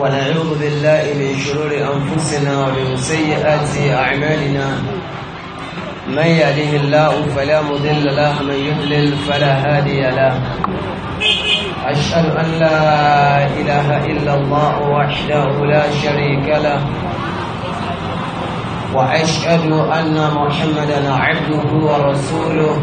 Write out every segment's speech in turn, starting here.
ونعوذ بالله من شرور أنفسنا ومن سيئات أعمالنا من يهده الله فلا مضل له من يضلل فلا هادي له أشهد أن لا إله إلا الله وحده لا شريك له وأشهد أن محمدا عبده ورسوله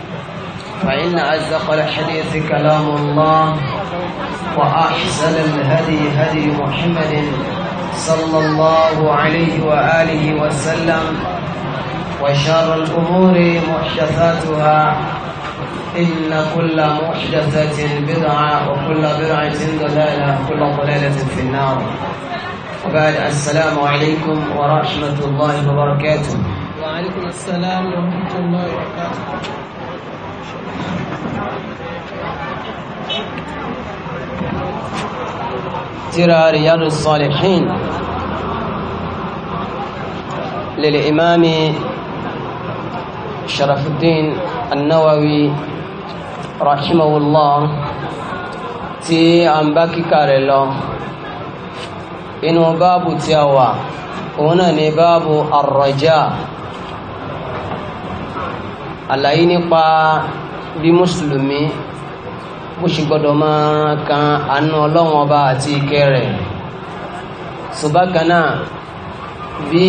فإن أزق الحديث كلام الله وأحسن الهدي هدي محمد صلى الله عليه وآله وسلم وشر الأمور محدثاتها إن كل محدثة بدعة وكل بدعة ضلالة وكل ضلالة في النار وبعد السلام عليكم ورحمة الله وبركاته وعليكم السلام ورحمة الله وبركاته ترى رياض الصالحين للإمام شرف الدين النووي رحمه الله tí a ń bá kíkà rẹ̀ lọ inú báàbù tí a wà òun náà ni báàbù àrọ̀já àlàyé nípa bí mùsùlùmí bó ṣe gbọ́dọ̀ máa ran kan àánú ọlọ́run ọba àti ìkẹ́ rẹ̀ ṣùgbọ́n bí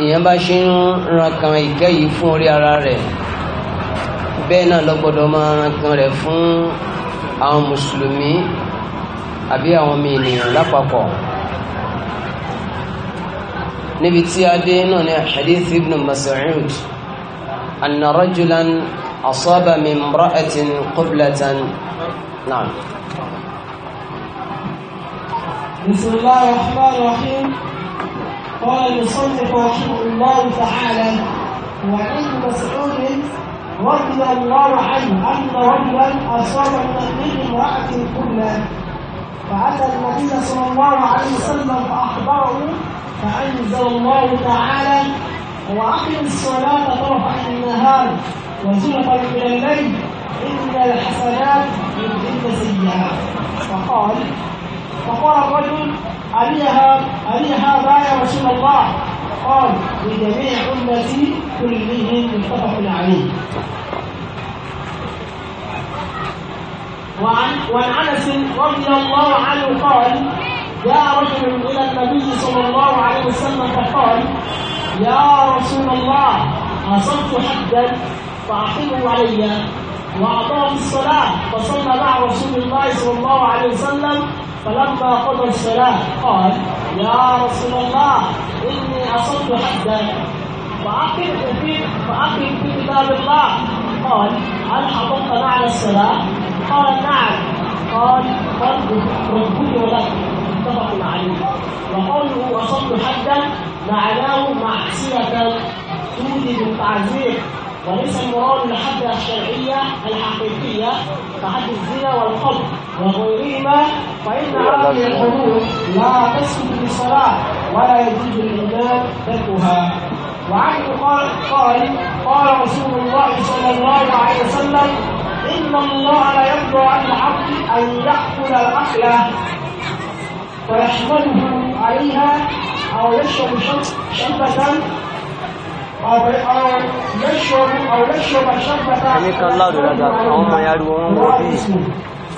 èèyàn bá ṣe ń ran kan ìkẹ́ yìí fún orí ara rẹ̀ bẹ́ẹ̀ náà ló gbọ́dọ̀ máa ran kan rẹ̀ fún àwọn mùsùlùmí àbí àwọn ọmọ ènìyàn lápapọ̀ níbi tí a náà ní hadith ibn Mas'ud anna أصاب من امرأة قبلة نعم بسم الله الرحمن الرحيم قال المصنف رحمه الله تعالى وعن مسعود رضي الله عنه أن رجلا أصاب من امرأة قبلة فأتى النبي صلى الله عليه وسلم فأخبره فأنزل الله تعالى وأقم الصلاة طرفا النهار وزلفا من الليل إن الحسنات يذهبن سيئات فقال فقال الرجل ألي هذا يا رسول الله قال لجميع أمتي كلهم متفق عليه وعن وعن انس رضي الله عنه قال يا رجل الى النبي صلى الله عليه وسلم فقال يا رسول الله اصبت حدا فأحقنه علي وأعطاه الصلاة فصلى مع رسول الله صلى الله عليه وسلم فلما قضى الصلاة قال يا رسول الله إني أصبت حدا فأقم في فأقم في كتاب الله قال هل حفظت معنى الصلاة؟ قال نعم قال قلت ربك ولك متفق عليه وقوله أصبت حدا معناه معصية تولي التعذيب وليس المراد الحد الشرعية الحقيقية كحد الزنا والقبض وغيرهما فإن هذه الحدود لا تسكت للصلاة ولا يجوز للإمام تركها وعنه قال قال قال رسول الله صلى الله عليه وسلم إن الله لا يرضى عن العبد أن يأكل الأكلة فيحمله عليها أو يشرب شربة يعني كلا دولا هم يدعون وفي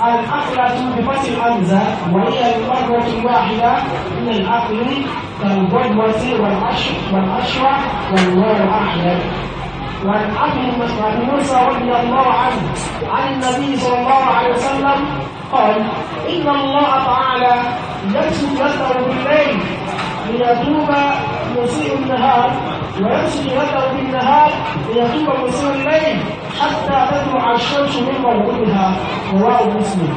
العقلة بفتح الهمزة وهي المرة الواحدة من العقل كالبدوة والعشوة والله أحد وعن عبد عن موسى رضي الله عنه عن النبي صلى الله عليه وسلم قال إن الله تعالى يسجد بالليل ليتوب مسيء النهار ويمشي يده في النهار ليقيم مسير الليل حتى تطلع الشمس من مغربها رواه مسلم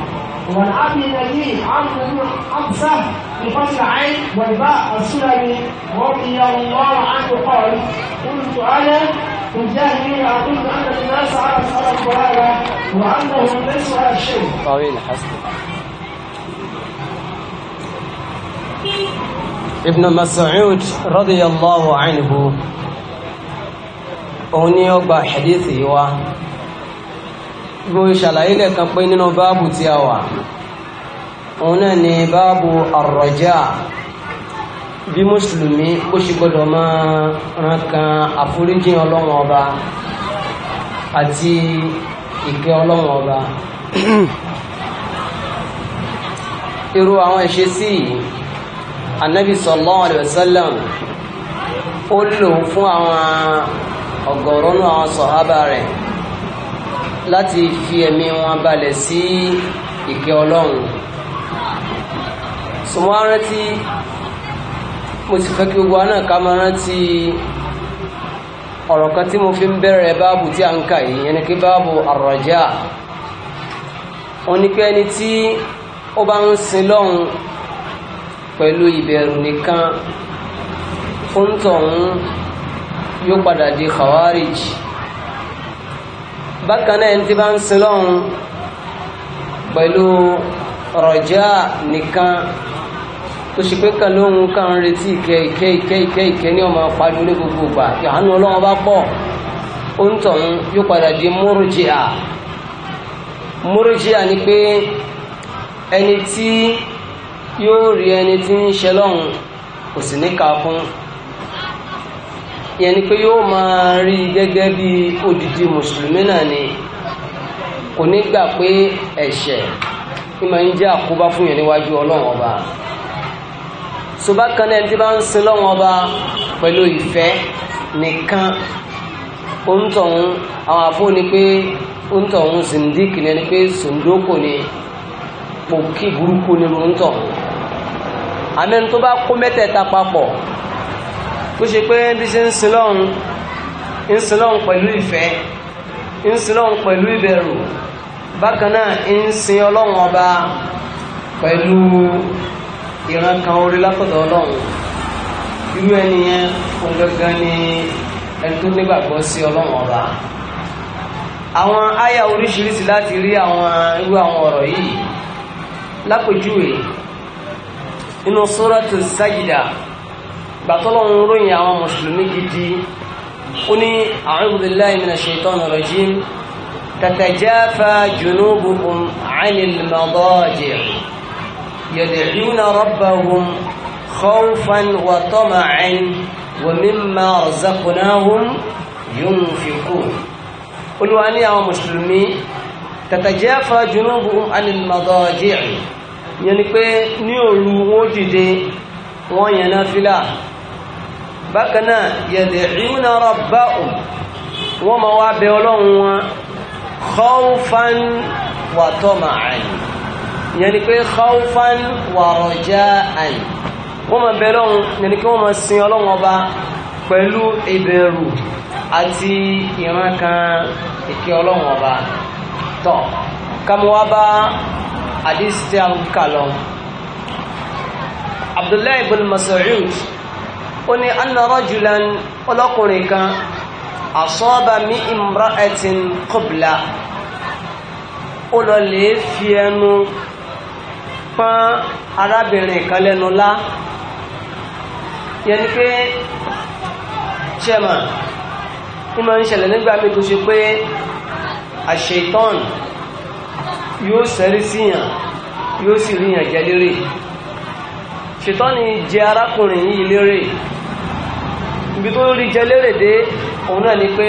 وعن عبد النبي عمرو بن حمزه بفتح عين والباء السلمي رضي الله عنه قال قلت انا في الجاهلين اظن ان الناس على صلاه الضلاله وانهم ليسوا على الشيء طويل حسن. ibn Mas'ud radiyallahu anhu òun ni ó gba hadith yìí wá bó ṣàlàyé lẹ́ẹ̀kan pé nínú báàbù tí a wà òun náà ni báàbù ar-raja bí mùsùlùmí ó ṣe gbọdọ̀ máa ran kan àforíjì ọlọ́run ọba àti ìkẹ́ ọlọ́run ọba irú àwọn ìṣesí yìí anabi sallallahu alayhi wa sallam ó lò fún àwọn ọ̀gọ̀rọ̀ náà àwọn sọ̀hábà rẹ̀ láti fi ẹ̀mí wọn balẹ̀ sí ìkẹ́ ọlọ́run sọmọ rántí mo sì fẹ́ kí gbogbo náà ká máa rántí ọ̀rọ̀ kan tí mo fi ń bẹ̀rẹ̀ báàbù tí a ń kà yìí yẹn kí báàbù àrọ̀já oníkẹ́ni tí ó bá ń sin lọ́hùn pẹ̀lú ìbẹ̀rù nìkan fúntọ̀hún yóò padà di khawarij bákan náà ẹni tí bá ń sin lọ́hún pẹ̀lú rọ̀já nìkan tó ṣe pé kan lóhun kan ń retí ìkẹ́ ìkẹ́ ìkẹ́ ìkẹ́ ìkẹ́ ní ọmọ pariwo ní gbogbo ìgbà ìhànú ọlọ́wọ́ bá pọ̀ ó ń tọ̀hún yóò padà di múrùjíà múrùjíà ni pé ẹni tí yóò rí ẹni tí ń ṣe lọ́hùn kò sì ní ka fún yẹn ni pé yóò máa rí gẹ́gẹ́ bí odidi mùsùlùmí náà ni kò ní gbà pé ẹ̀ṣẹ̀ ní máa ń jẹ́ àkóbá fún yẹn níwájú ọlọ́run ọba ṣùgbọ́n kan náà tí bá ń sin lọ́run ọba pẹ̀lú ìfẹ́ nìkan oúntọ̀hún àwọn àfóò ni pé oúntọ̀hún zindik ni ẹni pé sòndókò ni pòkí burúkú ni oúntọ̀hún àmẹ́ni tó bá kó mẹ́tẹ̀ẹ̀ta papọ̀ tó ṣe pé bí ṣe ń sin lọ́run ń sin lọ́run pẹ̀lú ìfẹ́ ń sin lọ́run pẹ̀lú ìbẹ̀rù bákan náà ń sin ọlọ́run ọba pẹ̀lú ìran kan orí látọ̀dọ̀ ọlọ́run irú ẹni yẹn fún gangan ni ẹni tó nígbàgbọ́ sí ọlọ́run ọba àwọn àyà oríṣiríṣi láti rí àwọn irú àwọn ọ̀rọ̀ yìí lápèjúwe inú suratu Sajda gbàtọ́lọ́run ròyìn àwọn mùsùlùmí gidi ó ní a'udhu billahi minash shaitanir rajim tatajafa junubuhum 'anil madaji' yad'una rabbahum khawfan wa tama'an wa mimma razaqnahum yunfiqun olùwà ní àwọn mùsùlùmí tatajafa yẹn ni pé ní òru wọ́n dìde wọ́n yẹn náfílà bákan náà yad'una rabbahum wọ́n máa wá bẹ ọlọ́run wọn khawfan wa tama'an yẹn ni pé khawfan wa raja'an wọ́n máa bẹ ọlọ́run yẹn ni pé wọ́n máa sin ọlọ́run ọba pẹ̀lú ìbẹ̀rù àti ìran ìkẹ́ ọlọ́run ọba tọ́ kàmú bá àdísì tí a ń kà lọ abdullahi ibn mas'ud ó ní anna rajulan ọlọ́kùnrin kan asaba mi imra'atin qabla ó lọ lè fi ẹnu pán arábìnrin kan lẹ́nu lá yẹn ni pé chairman ní máa ń ṣẹlẹ̀ nígbà mi tó ṣe pé àṣetán yóò sẹ́rí síyàn yóò sì ríyàn jẹ lérè ṣètọ́ni jẹ arákùnrin yìí lérè ibi tó rí jẹ lérè dé òun náà ni pé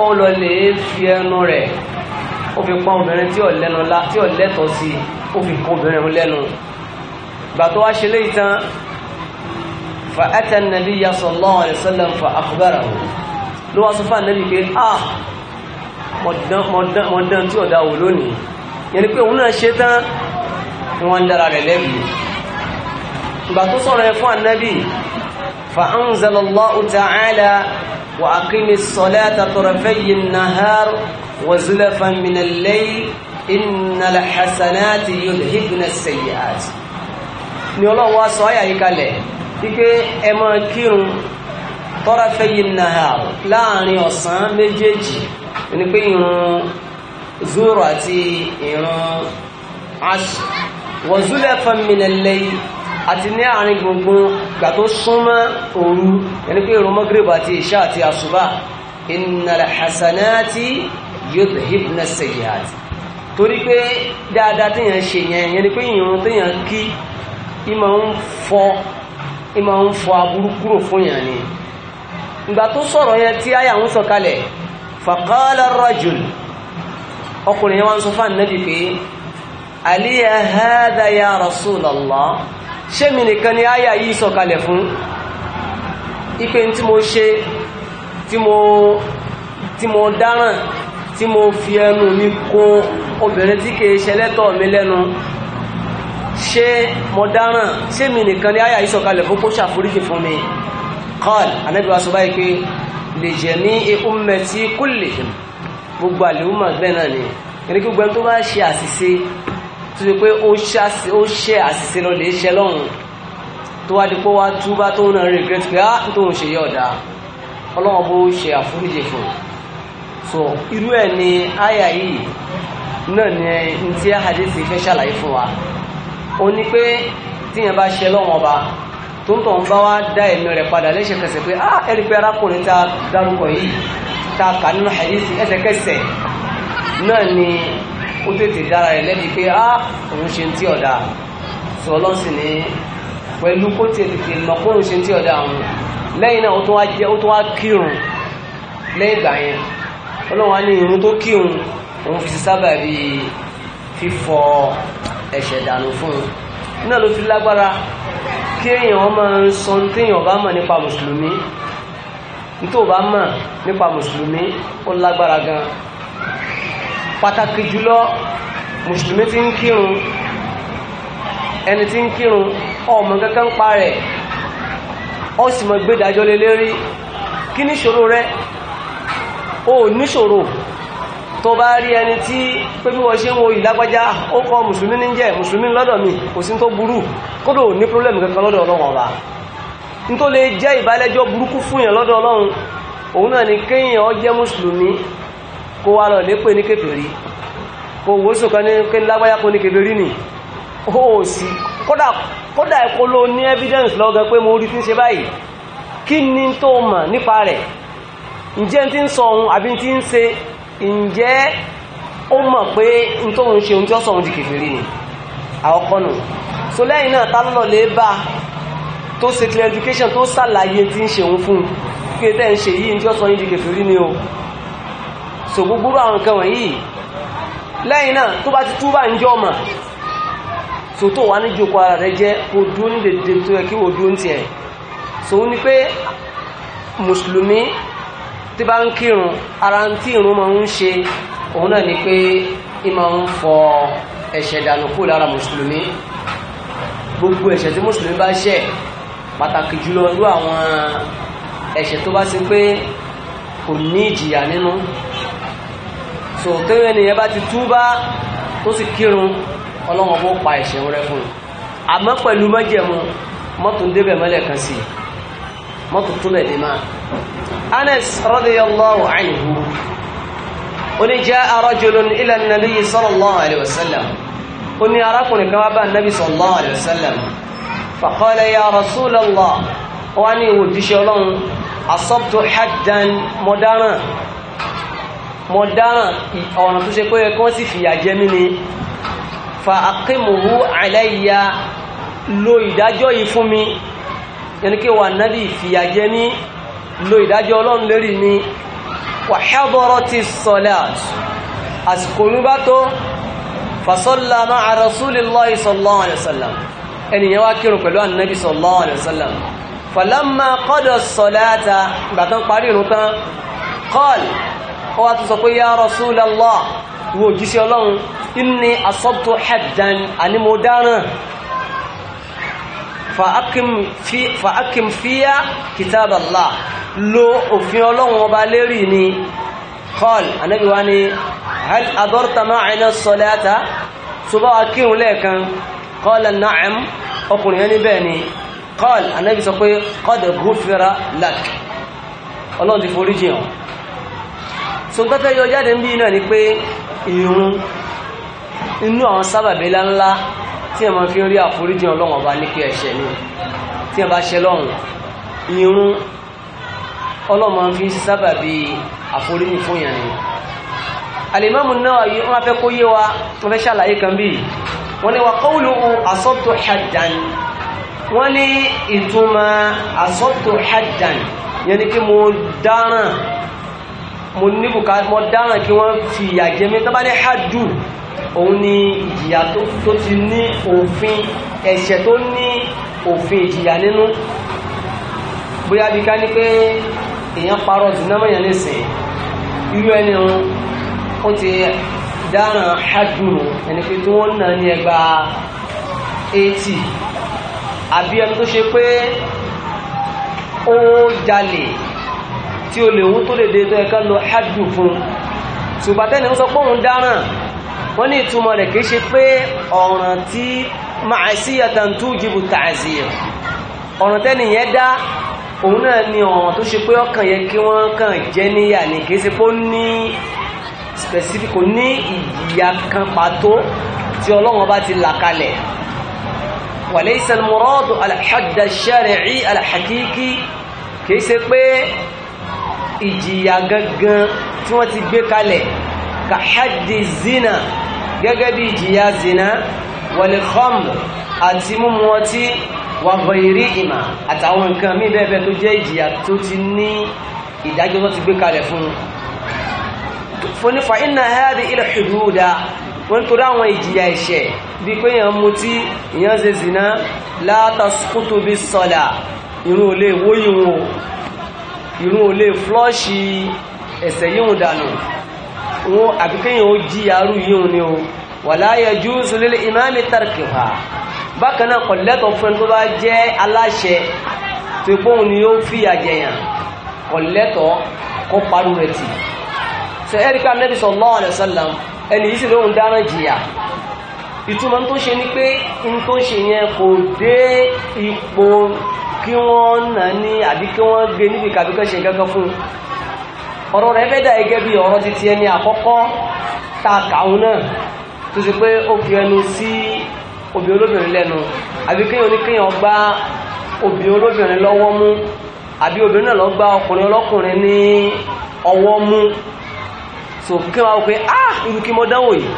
ó lọ lè fi ẹnu rẹ̀ ó fi pọ́n obìnrin tí ò lẹ́nu lá tí ò lẹ́tọ̀ọ́ sí ó fi pọ́n obìnrin òun lẹ́nu ìgbà tó wá ṣe léyìí tán fa ata nabiyya sallallahu alaihi wasallam fa akhbarahu ló wá sọ fún ànábì pé ah mọ̀dán tí ọ̀dà wò lónìí yẹni pé òun náà ṣe tán wọ́n dára rẹ̀ lẹ́bi ìgbà tó sọ̀rọ̀ ẹ fún ànábì fa anzalallahu ta'ala wa aqimis salata tarafayi nahar wa zulafan minal layl innal hasanati yudhibna sayyi'at ni ọlọ́wọ́ sọ ayà yìí kalẹ̀ wípé ẹ máa kírun tarafayi nahar láàrin ọ̀sán méjèèjì ni pé ìrun zuru àti ìran ash wọ́n zúlẹ̀ fẹ́mìnà lẹ́yìn àti ní àárín gbùngbùn gbà tó súnmọ́ òru yẹni pé ìrun magrib àti ìṣá àti àṣùbà innal hasanati yudhibna sayyiati torí pé dáadáa téèyàn ṣe yẹn yẹni pé ìrun téèyàn kí ìmọ̀ ń fọ ìmọ̀ ń fọ aburú kúrò fún yàn ni ìgbà tó sọ̀rọ̀ yẹn tí àyà ń sọ̀kalẹ̀ faqala ar-rajul ọkùnrin yẹn wá ń sọ fún ànábì pé àlíyà hádà ya Rasulullah ṣé mi nìkan ni àyà yìí sọ̀kalẹ̀ fún ipe tí mo ṣe tí mo tí mo dáràn tí mo fi ẹnu mi kó obìnrin tí kìí ṣẹlẹ́tọ̀ mi lẹ́nu ṣé mo dáràn ṣé mi nìkan ni àyà yìí sọ̀kalẹ̀ fún kó ṣàforíjì fún mi qal ànábì wa sọ báyìí pé li jami'i ummati kullihim gbogbo àlèhùnmọ̀ bẹ́ẹ̀ náà ni ẹni kí gbogbo ẹni tó bá ṣe àṣìṣe tó ṣe pé ó ṣe àṣìṣe lọ lè ṣe lọ́hùn tó wá di pé wá túbá tóun náà regret pé á ah, tóun ṣe yí ọ̀dà ọlọ́wọ́n bó ṣe àforíjì fún un so irú ẹ̀ ni àyà yìí náà ni n tí àdéhùn fẹ́ ṣàlàyé fún wa ó ní pé tíyẹn bá ṣe lọ́wọ́n ọba tó ń tọ̀ ń bá wá dá ẹ̀mí rẹ̀ padà léṣe kẹsẹ̀ pé á ah, ẹni pé arákùnrin tá dárúkọ yìí ta kà nínú hadith ẹsẹ̀kẹsẹ̀ náà ni ó tètè dára rẹ̀ lẹ́bi pé á òun ṣe ń tí ọ̀dà sọ ọlọ́sìn ní pẹ̀lú kó tètè mọ̀ kó òun ṣe ń tí ọ̀dà òun lẹ́yìn náà ó tó wá jẹ́ ó tó wá kírun lẹ́yìn ìgbà yẹn ọlọ́run á ní irun tó kírun òun fi sábà rí fífọ ẹ̀ṣẹ̀ dànù fún un náà ló fi lágbára kí èèyàn máa ń sọ téèyàn bá mọ̀ nípa mùsùlùmí nítorí o bá mọ̀ nípa mùsùlùmí ó lágbára gan pàtàkì jùlọ mùsùlùmí ti ń kírun ẹni tí ń kírun ọmọ kankan ń pa rẹ̀ ó sì mọ̀ gbé ìdájọ́ lé lérí kí ni ìṣòro rẹ̀ o níṣòro tó bá rí ẹni tí pé bí wọ́n ṣe ń wo ìlágbájá ó kọ mùsùlùmí ní mùsùlùmí lọ́dọ̀ mi kò sí tó burú kódò ní pírọ́lẹ̀mù kankan lọ́dọ̀ ọlọ́wọ́n ọba nítorí lè jẹ́ ìbálẹ́jọ́ burúkú fún yàn lọ́dọ̀ ọlọ́run òun náà ni kéèyàn ó jẹ́ mùsùlùmí kó wá lọ lépè ní kèfèrí kó wò ó sọ̀kan ní kí lágbáyà kó ní kèfèrí nì ó sì kódà kódà ló ní evidence lọ́gẹ́ pé mo rí tí ń ṣe báyìí kí ni tó mọ̀ nípa rẹ̀ ǹjẹ́ tí ń sọ ohun àbí tí ń ṣe ǹjẹ́ ó mọ̀ pé n tó ń ṣe ohun tí ó sọ ohun di kèfèrí ni àwọn kọ́nù so lẹ́yìn náà tá lè bá tó ṣe clarification tó ṣàlàyé tí ń ṣeun fún pé tẹ́ ń ṣe yìí ní ọ̀sán yìí di kèfèrí ni o so gbogbo àwọn nǹkan wọ̀nyí lẹ́yìn náà tó bá ti tú bá ń jọ ọmọ so tó wà ní jòkó ara rẹ jẹ́ kó dúró ní dèdè tó yẹ kí wò dúró ní tiẹ̀ so ó ní pé mùsùlùmí tí bá ń kírun ara ń tí irun máa ń ṣe òun náà ni pé ìmọ̀ ń fọ ẹ̀ṣẹ̀ dànù kúrò lára mùsùlùmí gbogbo ẹ̀ṣẹ̀ tí mùsùlùmí bá ṣẹ̀ pàtàkì jùlọ irú àwọn ẹ̀ṣẹ̀ tó bá ṣe pé kò ní ìjìyà nínú so tẹ́wẹ́ ni ẹ bá ti túbá tó sì kírun ọlọ́wọ́n bó pa ẹ̀ṣẹ̀ rẹ fún un àmọ́ pẹ̀lú mọ́jẹ̀mú mọ́tò ń débẹ̀ mọ́lẹ̀ kan sí mọ́tò tó bẹ̀ dé máa Anas radiyallahu anhu oní jẹ́ arajulun ila an-nabi sallallahu alaihi wasallam oní arákùnrin kan wá bá an-nabi sallallahu فقال يا رسول الله واني وديش الله أصبت حدا مدانا مدانا أو نتوشي كوي كونسي في جميني فأقمه علي lo ìdájọ́ yìí fún mi yẹni kí wà náàbì ìfìyà jẹ mí lo ìdájọ́ ọlọ́run lérí mi wà ṣábọ́rọ̀ ti sọ́láàt àsìkò mi bá tó fasọ́lá máa rasúlì lọ́ ìsọ̀lọ́ àlẹ́sọ̀lá ẹnìyàn wá kírun pẹ̀lú ànábì sallallahu alaihi wasallam falamma qada as-salata gbàtán parí irun tán qal ó wá tún sọ pé ya rasulallah wo jíṣẹ́ ọlọ́run inni asabtu haddan àní mo dáràn fa'akim fiya kitab Allah lo òfin ọlọ́run ọba lérí ni qal ànábì wá ní hal adarta ma'ana salata tó bá wa qala na'am ọkùnrin yẹn níbẹ̀ ni qala anábì sọ pé qad ghufira lak ọlọ́run ti forí jìn ọ́ so n tọ́fẹ́ yọ jáde ń bí náà ni pé irun inú àwọn sábàbí ńláńlá tí ẹ máa fi rí àforíjìn ọlọ́run ọba ní pé ẹ̀ṣẹ̀ ni tí ẹ bá ṣe lọ́run irun ọlọ́run máa fi wọ́n fẹ́ kó yé wọ́n fẹ́ ṣàlàyé kan bíi wọ́n ní wa qawluhu asabtu haddan wọ́n ní ìtumọ̀ asabtu haddan yẹn ni kí mo dáràn mo ní bùkátà mo dáràn kí wọ́n fi ìyà jẹ mí tó bá ní haddu òun ni ìjìyà tó ti ní òfin ẹ̀ṣẹ̀ tó ní òfin ìjìyà nínú bóyá bí ká ní pé èèyàn parọ́ jù náà mọ̀yàn nísìn irú ẹni rún ó ti ọ̀daràn hadùnù ẹni pé tí wọ́n nà ní ẹgbà 80 àbí ẹni tó ṣe pé ó jalè tí o lè wú tó lè dé tó ẹ̀ká lọ hadù fún ṣùgbọ́n tẹ́ni ń sọ pé òun dáràn wọ́n ní ìtumọ̀ rẹ̀ kìí ṣe pé ọ̀ràn tí ma'asiyatan tujibu ta'zir ọ̀ràn tẹ́ni yẹn dá òun náà ni ọ̀ràn tó ṣe pé ọkàn yẹ kí wọ́n kàn jẹ́ níyà ní kìí ṣe pé ó ní specific kò ní ìjìyà kan pàtó tí ọlọ́wọ́n bá ti là kalẹ̀ walaysa al-muradu al-hadd ash-shar'i al-haqiqi kìí ṣe pé ìjìyà gangan tí wọ́n ti gbé kalẹ̀ ka haddi zina gẹ́gẹ́ bí ìjìyà zina wal-khamr àti mímu ọtí wa ghayrihima àtàwọn nǹkan mí bẹ́ẹ̀ bẹ́ẹ̀ tó jẹ́ ìjìyà tó ti ní ìdájọ́ tó ti gbé kalẹ̀ fún un ó ní fàínà hádì ilẹ̀ ṣùgbúdà wọ́n tó dáwọn ìjìyà ẹ̀ṣẹ̀ bí pé èèyàn mutí èèyàn ṣe zìnà látàkútù bí sọ́là irun olè wóyìn o irun olè flọ́ọ̀ṣì ẹ̀ṣẹ̀ yíhun dànù wọn àbíkẹ́yìn ó jìyà rú yíhun ni o wala yajuzu lil imami tarkiha bákan náà kọ̀lẹ́tọ̀ fún ẹni tó bá jẹ́ aláṣẹ tó ipóhun ni ó fìyà jẹyàn kọ̀lẹ́tọ̀ kó parú rẹ̀ tì ṣe ẹ́ rí sallallahu alaihi wasallam ẹni yìí sì lóhun dáná jìyà ìtumọ̀ tó ṣe ni pé n tó ṣe yẹn kò dé ipò kí wọ́n nà ní àbí kí wọ́n gbé níbi kàbí kan ṣe gángan fún un ọ̀rọ̀ rẹ̀ fẹ́ dà gẹ́gẹ́ bí ọ̀rọ̀ títí ẹni àkọ́kọ́ ta kàún náà tó ṣe pé ó fi ẹnu sí obì olóbìnrin lẹ́nu àbí kéèyàn ní kéèyàn gbá obì olóbìnrin lọ́wọ́ mú àbí obìnrin náà lọ gbá ọkùnrin ọlọ́kùnrin ní ọwọ́ mú so kí wọ́n pé ah irú kí mo dánwò yìí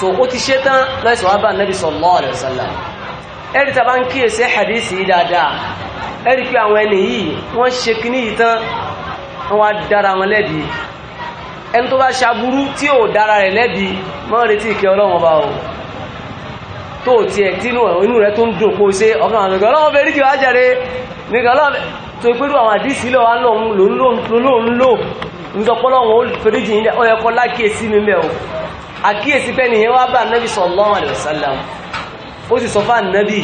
so ó ti ṣe tán lọ́sọ̀ wá bá nẹ́bí sallallahu alaihi wasallam ẹ̀rí tàbá ń kíyèsí hadisi yìí dáadáa ẹ̀rí pé àwọn ẹni yìí wọ́n ṣe kíní yìí tán wọ́n á dára wọn lẹ́bi ẹni tó bá ṣaburú tí ò dára rẹ̀ lẹ́bi mọ́ retí ìkẹ́ ọlọ́run ọba o tó tiẹ̀ tínú inú rẹ̀ tó ń dùn kó ṣe ọkàn ndọ̀pọ̀lọ́wọ̀n ó fèrèjì yìí ó yẹ kọ́ lákìyèsí mi mẹ́ o àkíyèsí pé nìyẹn wá bá nàbì sallallahu alaihi wasallam ó sì sọ fáà nàbì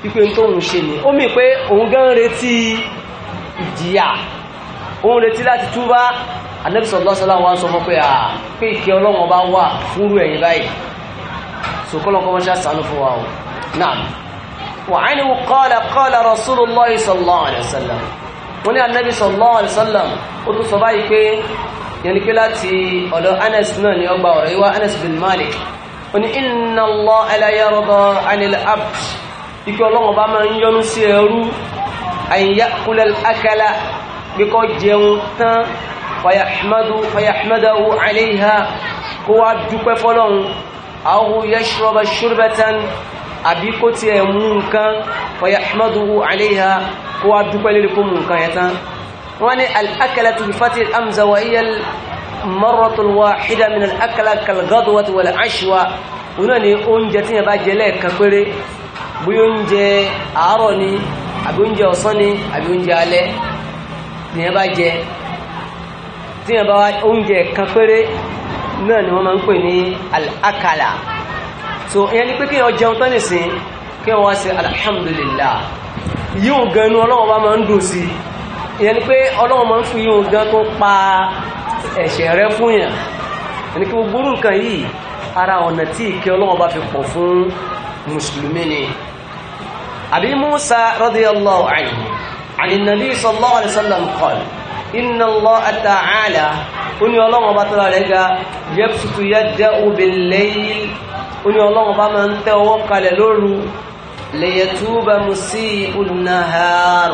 pípé tó ń ṣe ni ó mì pé òun gan retí ìjìyà òun retí láti túbá ànàbì sallallahu alaihi wasallam wá ń sọ fún pé à pé ìkẹ́ ọlọ́wọ̀n bá wà fúrú ẹ̀yìn báyìí sòkòlọ́kọ́ wọn ṣe àṣàánú fún wa o náà wàá ní qala qala rasulullahi sallallahu wọ́n ní anabi sallallahu alayhi wa sallam ó tún sọ báyìí pé yẹn ni pé láti ọ̀dọ̀ anas náà ni ọgbà ọ̀rọ̀ yìí wá anas bin malik ó ní inna Allaha jẹun tán fayahmadu fayahmadahu kó wá dúpẹ́ fọlọ́run aw yashraba shurbatan àbí kó tí ẹ mú nǹkan ọ̀yà ahmaduhu alayha kó wá dúpẹ́ lórí kó mú nǹkan yẹn tán wọ́n ní al-akalatu bi fatil amza wa iyal marratul wahida min al-akala kalgadwati wal ashwa òun náà ni oúnjẹ tí yẹn bá jẹ lẹ́ẹ̀kan bí oúnjẹ àárọ̀ ni àbí oúnjẹ ọ̀sán ni àbí oúnjẹ alẹ́ ni yẹn bá jẹ tí yẹn bá oúnjẹ kan náà ni wọ́n máa ń pè ní al so ìyẹn ni pé kí wọ́n jẹun tán nìsín kí wọ́n ṣe alhamdulillah yíò ganu ọlọ́wọ́ bá máa ń dùn sí ìyẹn ni pé ọlọ́wọ́ máa ń fi yíò gan tó pa ẹ̀ṣẹ̀ rẹ fún yàn ẹni kí gbogbo nǹkan yìí ara ọ̀nà tí ìkẹ́ ọlọ́wọ́ bá fi pọ̀ fún mùsùlùmí ni àbí Musa radiyallahu anhu àdìnàbí sallallahu alaihi wasallam ó ní ọlọ́wọ́ bá tọ́ra rẹ̀ ga yabsutu yadahu bil layl ó ní ọlọ́run bá máa ń tẹ́ ọwọ́ kalẹ̀ lóru lèyẹtúbà musī'u nahār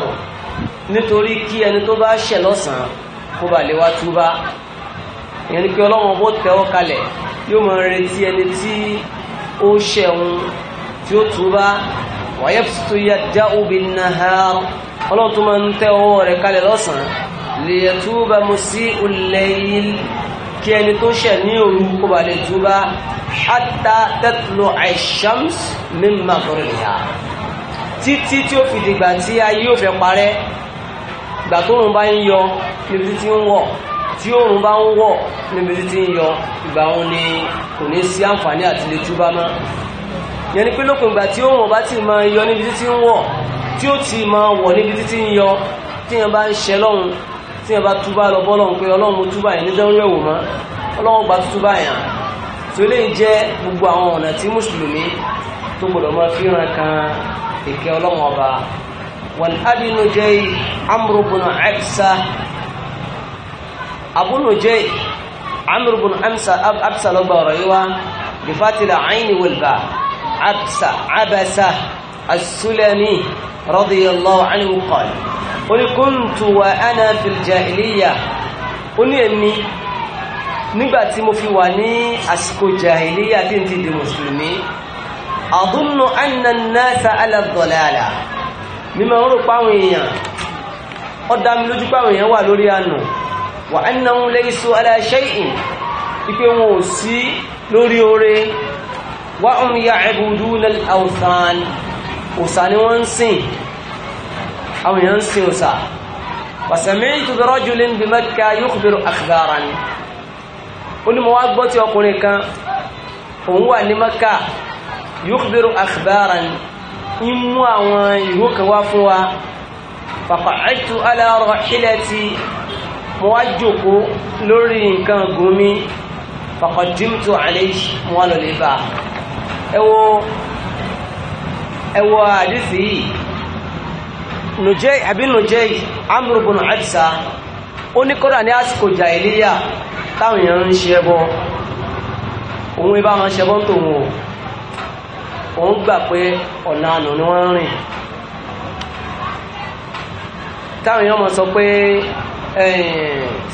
nítorí kí ẹni tó bá ṣẹ̀ lọ́sàn-án kó bá lè wá túbá ìyẹn ni pé ọlọ́run bó tẹ́ ọwọ́ kalẹ̀ yóò máa retí ẹni tí ó ṣẹ̀hun tí ó túbá wa yabsutu yadahu bin-nahār ọlọ́run tó máa ń tẹ́ ọwọ́ rẹ̀ kalẹ̀ lọ́sàn-án lèyẹtúbà musī'u al-layl kí ẹni tó ṣẹ̀ ní òru kó bá lè túbá hatta tatlu ash-shams min maghribiha títí tí ó fi dìgbà tí ayé ò fẹ́ parẹ́ ìgbà tó òun bá ń yọ níbi títí ń wọ̀ tí òun bá ń wọ̀ níbi títí ń yọ ìgbà òun ni kò ní sí àǹfààní àti lè túbá mọ́ yẹn ni pé lópin ìgbà tí òun bá ti máa yọ níbi títí ń wọ̀ tí ó ti máa wọ̀ níbi títí ń yọ tí yẹn bá ń ṣẹ lọ́hùn tí ẹ bá túbá lọ bọ́lọ́run pé ọlọ́run mo túbá yẹn níjọ́ rẹ̀ wò mọ́ ọlọ́run gba túbá yẹn tó lè jẹ́ gbogbo àwọn ọ̀nà tí mùsùlùmí tó gbọdọ̀ máa fi ràn kan ìkẹ́ ọlọ́run ọba wọn adínú jẹ́ amúrúbùnà àbísà abúlò jẹ́ amúrúbùnà àbísà lọ́gbà ọ̀rọ̀ yìí wá bífátìlà àìníwèlbà àbísà àbẹ́sà. السلمي رضي الله عنه قال قل كنت وأنا في الجاهلية قل أمي nígbà tí mo fi wà ní àsìkò jahiliya tí n ti di mùsùlùmí àdúnnù annannáta aláàdọ̀láàlá mímọ̀ ń rò páwọn èèyàn ó dá mi lójú páwọn èèyàn wà lórí ànà wà annahum laysu ala shay'in ipé wọn ò sí lórí oore wa hum ya'buduna al-awthan òsà ni wọ́n ń sìn àwọn èèyàn ń sìn òsà وسمعت برجل بمكة يخبر أخبارا ó ní mo wá gbọ́ tí ọkùnrin kan òun wà ní Mẹ́kà يخبر أخبارا ń mú àwọn ìró kan wá fún wa فقعدت على راحلتي mo wá jókòó lórí nǹkan gùn mi فقدمت عليه mo wá lọ lè bá ẹ wo ẹwọ àdísì yìí nùjẹ́ àbí nùjẹ́ amúrùbùnù àdìsá ó ní kọ́dà ní àsìkò táwọn èèyàn ń ṣe ẹbọ òun ibà máa o òun gbà pé ọ̀nà ànà ni wọ́n rìn táwọn èèyàn sọ pé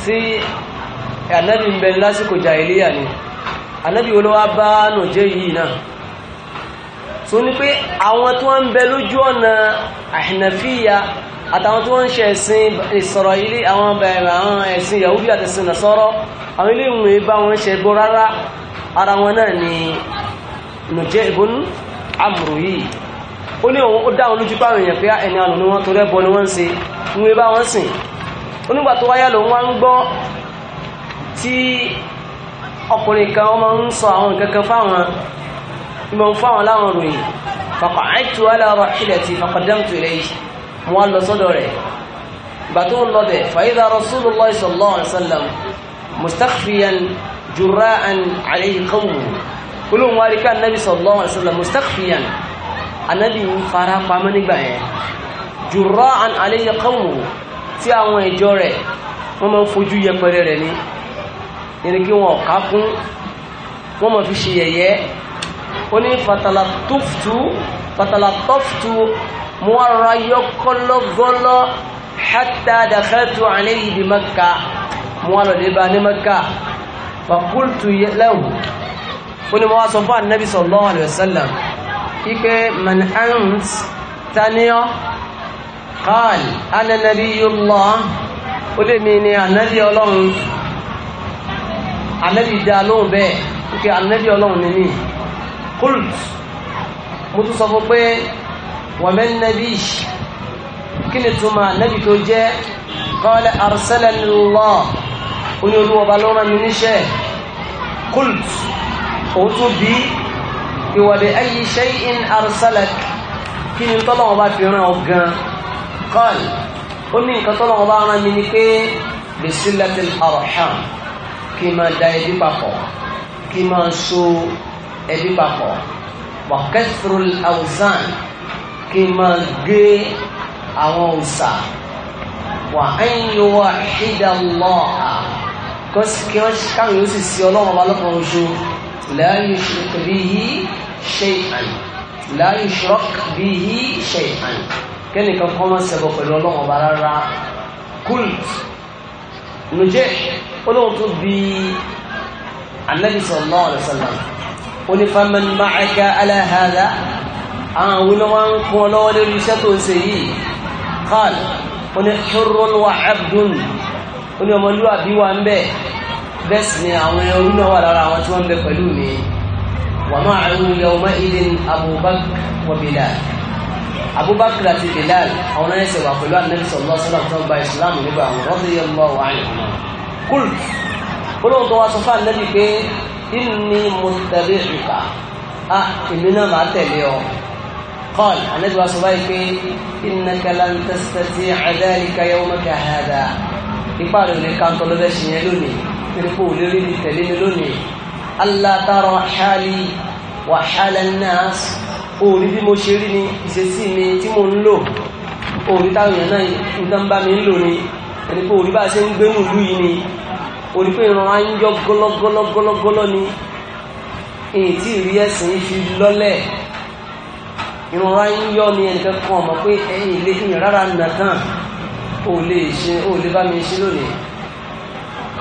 sí ànábì ń bẹ lásìkò ni ànábì olówó bá nùjẹ́ so ní pé àwọn tí wọ́n ń bẹ lójú ọ̀nà àhìnàfíyà àtàwọn tí wọ́n ń ṣe ẹ̀sìn ìsọ̀rọ̀ ilé àwọn àwọn ẹ̀sìn yahudi àtẹ̀sìn nàṣọ́rọ́ àwọn ilé ìwé bá wọn ṣe bó rárá ara wọn náà ni nùjẹ́ ibn amru yìí ó ní òun ó dá òun lójú páwọn èèyàn pé ah, ẹni àlò ni wọ́n torí ẹbọ ni wọ́n ń ṣe ìwé bá wọn sìn onígbà tó wáyà lòun wá ń gbọ́ tí ọkùnrin kan wọ́n máa ń sọ àwọn nǹkan kan fáwọn mọ̀ ń fáwọn láwọn ròyìn faqa'adtu ala rahilati faqaddamtu ilayhi mo wá lọ sọ́dọ̀ rẹ̀ ìgbà tó ń lọbẹ̀ fa idha rasulullah sallallahu alaihi wasallam mustakhfiyan jurra'an alayhi qawmu olóhùn wá rí ká anabi sallallahu alaihi wasallam mustakhfiyan anabi ń fara pamọ́ nígbà yẹn jurra'an alayhi qawmu tí àwọn ìjọ rẹ̀ wọ́n máa ń fojú yẹpẹrẹ rẹ̀ ni ẹni kí wọn ọ̀ká kún wọ́n máa fi ṣe yẹ̀yẹ́ ó ní fatala tóftu fatala tóftu mo wá ra yọ kọ́lọ́gọ́lọ́ hátà dàkẹ́tù àlẹ́ yìí di mẹ́ka mo wá lọ́ọ́ débà ní mẹ́ka fakultu lẹ́wù ó ní mo wá sọ fún anabi sallallahu alayhi wa sallam ipe manhans taniọ́ قال انا نبي الله ولميني النبي الله النبي دالون به كي النبي الله نمي قلت متصف بي ومن نبيش كنتما نبي توجه قال أرسلني الله قلت وبلونا من شيء قلت أتبي وبأي شيء أرسلك كن طلع الله في هنا قال قلني كطلع الله من كي بسلة الأرحام كما دايدي بقى كما سو Ebi papọ̀ wàkẹ́sìrò àwùsàn kí n máa gé àwọn òòsà wà áyíwá ìdàlọ́ kí wọ́n káwọn yóò sì sí ọlọ́run ọba lọ́pọ̀ oṣù láàyè ìṣòro bí yí ṣe àyè láàyè ìṣòro bí yí ṣe àyè kẹ́nìkan kọ́ máa ṣẹbọ pẹ̀lú ọlọ́run ọba rárá kult nùjẹ́ ọlọ́run tó bí anabi sallallahu alaihi wasallam onífàmẹ́ni máa ga aláhàdá àwọn àwọn iná wọn ń kún ọ lọ́wọ́ lórí iṣẹ́ tó ń ṣe yìí kal oní hurun wa abdun oní ọmọlúwàbí wa ń bẹ bẹ́ẹ̀ sì ni àwọn ẹrú náà wà lára àwọn tí wọ́n ń bẹ pẹ̀lú mi wà máa àrùn yawma idin abubakar bilal abubakar àti bilal àwọn náà ṣe pẹ̀lú anabi sallallahu alaihi tó ń ba ìsìlámù nígbà àwọn radiyallahu anhu kúl olóhùn tó wá sọ fún anabi pé inni muttabi'uka a ah, èmi náà máa tẹ̀lé ọ qal anabi wa sọ báyìí pé innaka lan tastati'a dhalika yawmaka hadha ipa rẹ̀ ní ká tọ́lọ́ bẹ́ẹ̀ ṣìyẹn lónìí nínú kó lè rí tẹ̀lé mi lónìí allah tara hali wa hala an-nas bí mo ṣe rí ni ìṣesí mi tí mo ń lò òòrí táwọn èèyàn náà ń dán mi ń lò ni ẹni pé òòrí bá ṣe ń gbénú ìlú yìí ni orí pé ìran á ń yọ gọ́lọ́gọ́lọ́gọ́lọ́ ni èyí tí ìrí ẹ̀sìn fi lọ́lẹ̀ ìran á ń yọ ni ẹnìkan kan mọ̀ pé ẹ̀yìn ilé ìyàn rárá nàtàn ò lè ṣe ò lè bá mi ṣe lónìí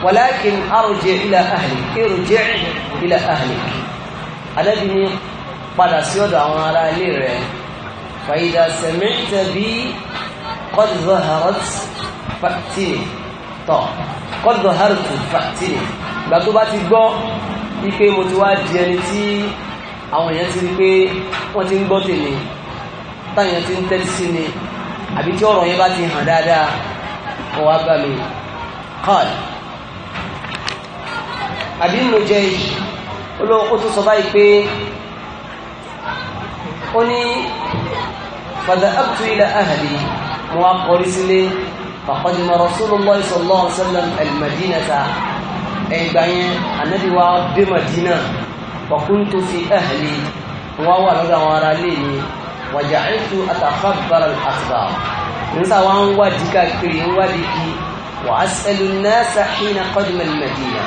walakin arji ila ahli irji ila ahli adájú ni padà sí ọ̀dọ̀ àwọn ará ilé rẹ̀ fa idha sami'ta bi qad zaharat tọ̀ kọ́dọ̀ hàrùtù fàtìlì ìgbà tó bá ti gbọ́ wípé mo ti wá di ẹni tí àwọn èèyàn ti rí pé wọ́n ti ń gbọ́ tèmi táwọn èèyàn ti ń tẹ́tí sí mi àbí tí ọ̀rọ̀ yẹn bá ti hàn dáadáa wọ́n wá bá mi kọ́d àbí nínú jẹ́ olóko tó sọ báyìí pé ó ní fàdà àbùtù ilẹ̀ ahàlì mo wá kọrí sílé فقدم رسول الله صلى الله عليه وسلم المدينة إيباني النبي وعب مدينة وكنت في أهلي وولد وراليني وجعلت أتخبر الأخبار نسا وان وديكا كري وديكي وأسأل الناس حين قدم المدينة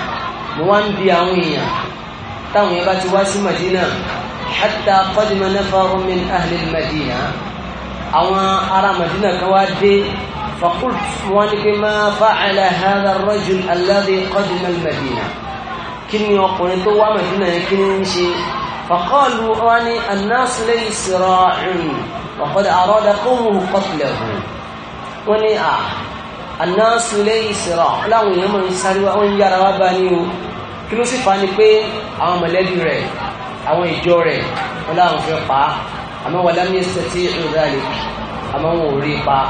وان بيعوية تاوي باتي مدينة حتى قدم نفر من أهل المدينة أوان أرى مدينة كوادي فقلت وانك ما فعل هذا الرجل الذي قدم المدينة كني وقلت ومدينة كني شيء فقالوا واني الناس ليس راعي وقد أراد قومه قتله وني آه الناس ليس راع لا ويوم يسالوا وان يرى بانيو شيء سيفاني بي أو ملدي ري أو يجوري ولا أنفقا أما ولم يستطيع ذلك أما هو ريقا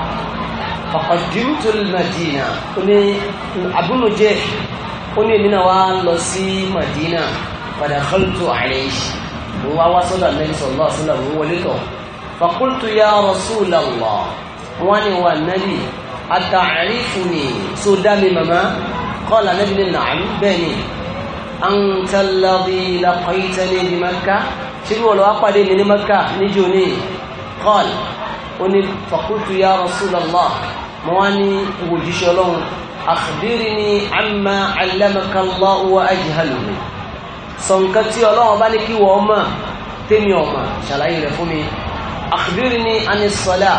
ọ̀kọ̀dìm tó madina ó ní abúmọ̀jẹ́ ó ní èmi náà wá lọ sí madina padà kọ́lùtù àrẹ́ṣì mo wá wá sọ́dọ̀ Ànábì sallallahu alaihi wasallam wọlé tọ̀ fàkúntù ya rasulallah wọ́n ní wà nábì àtàrífùnì tó dá mi màmá kọ́lá nábì ní nàám bẹ́ẹ̀ ni antallabi laqaitani bi Makkah ṣé bí pàdé ní Makkah níjó ní kọ́lá ó ní faqultu ya rasulallah mo wá ní ìwòjíṣẹ́ ọlọ́run akhbirni amma allamaka Allahu wa ajhaluhu sọ nǹkan tí ọlọ́run bá ní kí wọ́n mọ̀ tẹ́mi ọ̀mà ṣàlàyé rẹ̀ fún mi akhbirni anis salah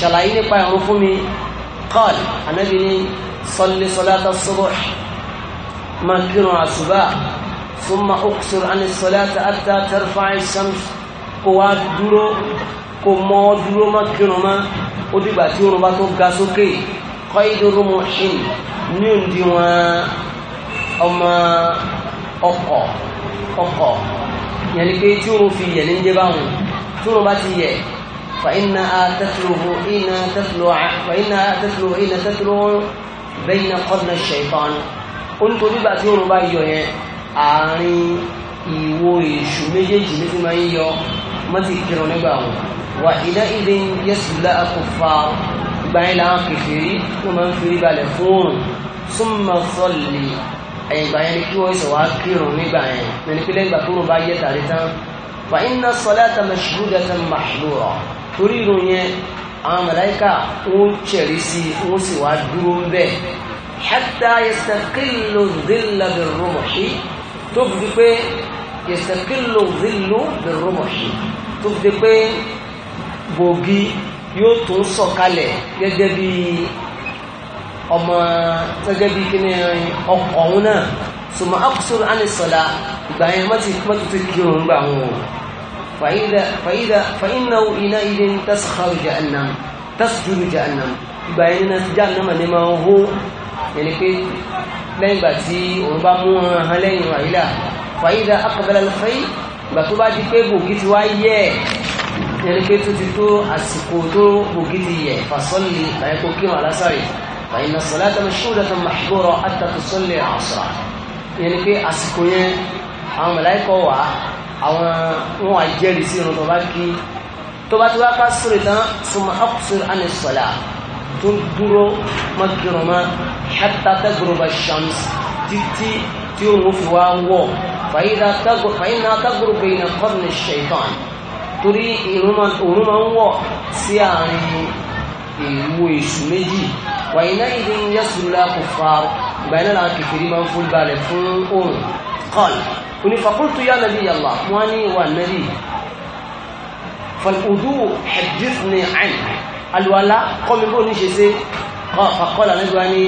ṣàlàyé nípa ẹ̀rún fún mi qal anábì ní salli salata as máa kírun àṣùbà thumma uqsir anis salata hatta tarfa'a ash kó wá dúró kó mọ́ dúró má kírun má ó dìgbà tí oorun bá tó ga sókè kọ́ ìdúró mọ́ ṣìn ní òǹdíwọ̀n ọmọ ọkọ̀ ọkọ̀ yẹn ni pé tí oorun fi yẹ̀ ní jẹ́ báwọn tí oorun bá ti yẹ̀ fàínà àtẹ́tùlùhù ìnà àtẹ́tùlùhù ìnà àtẹ́tùlùhù bẹ́yìn kọ́dùnà ṣẹ̀tàn ó ń torí gbà tí oorun bá yọ yẹn àárín ìwo èṣù méjèèjì ní fi máa ń yọ mọ́tì kírun nígbà wọn wà iná ilé yẹ́sùlá akọ̀fà gbáyìn láwọn kèfèrí tó máa ń fi rí balẹ̀ fún òrùn súnmọ́ sọ́ọ̀lì ẹ̀yìnbá yẹn ni kí wọ́n sọ̀wá kírun nígbà yẹn lẹ́ni pé lẹ́gbà tó rò bá yẹ tàrí tán wà iná sọ́lá tàbí ṣùgbọ́dá tán màṣúlò rọ̀ torí irun yẹn àwọn màláíkà wọ́n ṣẹ̀rí sí wọ́n sì wá dúró bẹ́ẹ̀ hátà yẹsẹ̀kìlò zìlà bẹ̀rù rọ̀mọ̀ṣí tó fi di pé yẹsẹ̀kìlò zìlò bẹ̀rù rọ̀mọ̀ṣí tó fi di pé bògì yóò tún sọ̀kalẹ̀ gẹ́gẹ́ bí ọmọ gẹ́gẹ́ bí kíní ọkọ̀ ọ̀hún náà sùmọ́ akusur anisọ̀la ìgbà yẹn mọ́tì mọ́tì ti kí òun gbà wọn o fàyídà fàyídà fàyínàwó iná ilé ń tẹ́sùkárù jẹ́ ànàm tẹ́sùjúrù jẹ́ ànàm ìgbà yẹn náà ti já ànàmà ní hó yẹni pé lẹ́yìn ìgbà tí òun bá mú wọn hàn lẹ́yìn wàyílà fàyídà akọ̀bẹ̀lẹ̀ fẹ́yì ìgbà tó bá di pé bògì ti wá yẹ yẹni pé tó ti tó àsìkò tó ògì ti yẹ fasọ́lì báyẹ̀kọ́ kí wọn alásàrè báyìí na sọlá tó ṣó dàtà màṣúrọ̀ àtàtò sọ́lì àṣà yẹni pé àsìkò yẹn àwọn mọ̀láìkọ̀ wà àwọn wọn wà jẹ́rìí sí irun tó bá kí tó bá ti wá ká sórí tán súnmọ́ ọkùsùn àni sọlá tó dúró mọ́gìrùnmọ́ hatta tagruba shams títí tí ó ń fi wá wọ̀ fàyínà tagruba bayna qarni shaytan torí òun máa ń wọ̀ sí àárín ìwo èṣù méjì wàyí náà ìdí ń yẹ sùúrùlá kò fa ìgbà iná làwọn kèfèrí máa ń forí balẹ̀ fún òun kọ́l onífàkúntù yá nàbí yàlá wọn ní ìwà nàbí fàlùdù ẹ̀dìf ní àìn alùwàlá kọ́mi bó ní ṣe ṣe fàkọ́lá níbi wá ní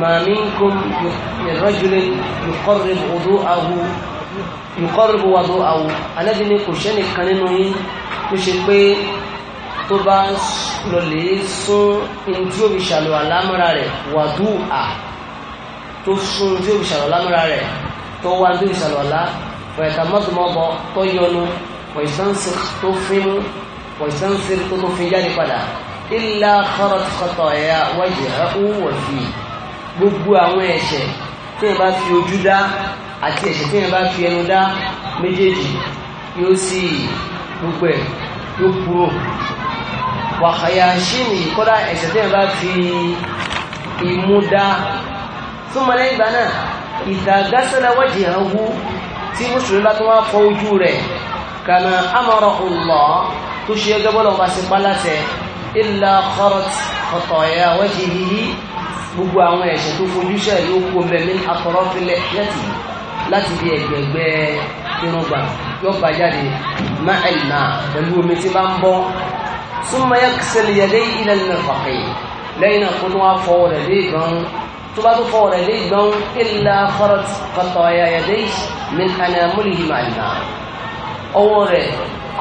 màmínkùn ìrọ́jùlẹ̀ ìkọ́rẹ̀ òdó ahu yùkọ́rùbù wà tó àwò anábì ní kò sẹ́nìkan nínú yín tó ṣe pé tó bá lọlẹ̀ sún ojú òbí ṣàlùwà lámúra rẹ̀ wà tó à tó sún ojú òbí ṣàlùwà lámúra rẹ̀ tó wá ojú òbí ṣàlùwà lá wọ̀nyẹ̀ta mọ́tòmọ́bọ tó yọnu wọ̀nyẹ̀sánsì tó fín wọ̀nyẹ̀sánsì tó tó fín jáde padà ilà kọ́rọ̀tìkọ́tọ̀ ẹ̀yà wájú ẹ̀ ń wọ̀ sí gbogbo àwọn ẹ̀ṣẹ̀ tí ẹ àti ẹ̀ṣẹ̀ tí yẹn bá fi ẹnu dá méjèèjì yóò sì gbogbo ẹ̀ yóò kúrò wàhàyà ṣìnì kọ́dá ẹ̀ṣẹ̀ tí yẹn bá fi imú dá tó mọ lẹ́yìn ìgbà náà ìdàgásẹ́lẹ̀ wájì hàn wú tí mùsùlùmí bá tó wá fọ ojú rẹ̀ kàmà amara Allah tó ṣe gẹ́gẹ́ bọ́lá ọba sí pálásẹ̀ ìlà kọ́rọ̀t ọ̀tọ̀ọ̀yà wájì yìí gbogbo àwọn ẹ̀ṣẹ̀ tó fojú yóò kó mẹ́mí akọ̀rọ̀ fílẹ̀ lẹ́tì yìí láti bí ẹgbẹ̀gbẹ́ irungba yóò bá jáde máa ẹ̀ náà pẹ̀lú omi tí bá ń bọ́ súnmọ́ yẹ kìsẹ̀lẹ̀ yẹ lẹ́yìn ilẹ̀ nínú ìfàkì lẹ́yìn náà kó tó wá fọwọ́ rẹ̀ lé gan tó bá tó fọwọ́ rẹ̀ lé gan ilà kọ́rọ̀t kọ́tọ̀ ayà yẹ lẹ́yìn mi àná múlìhì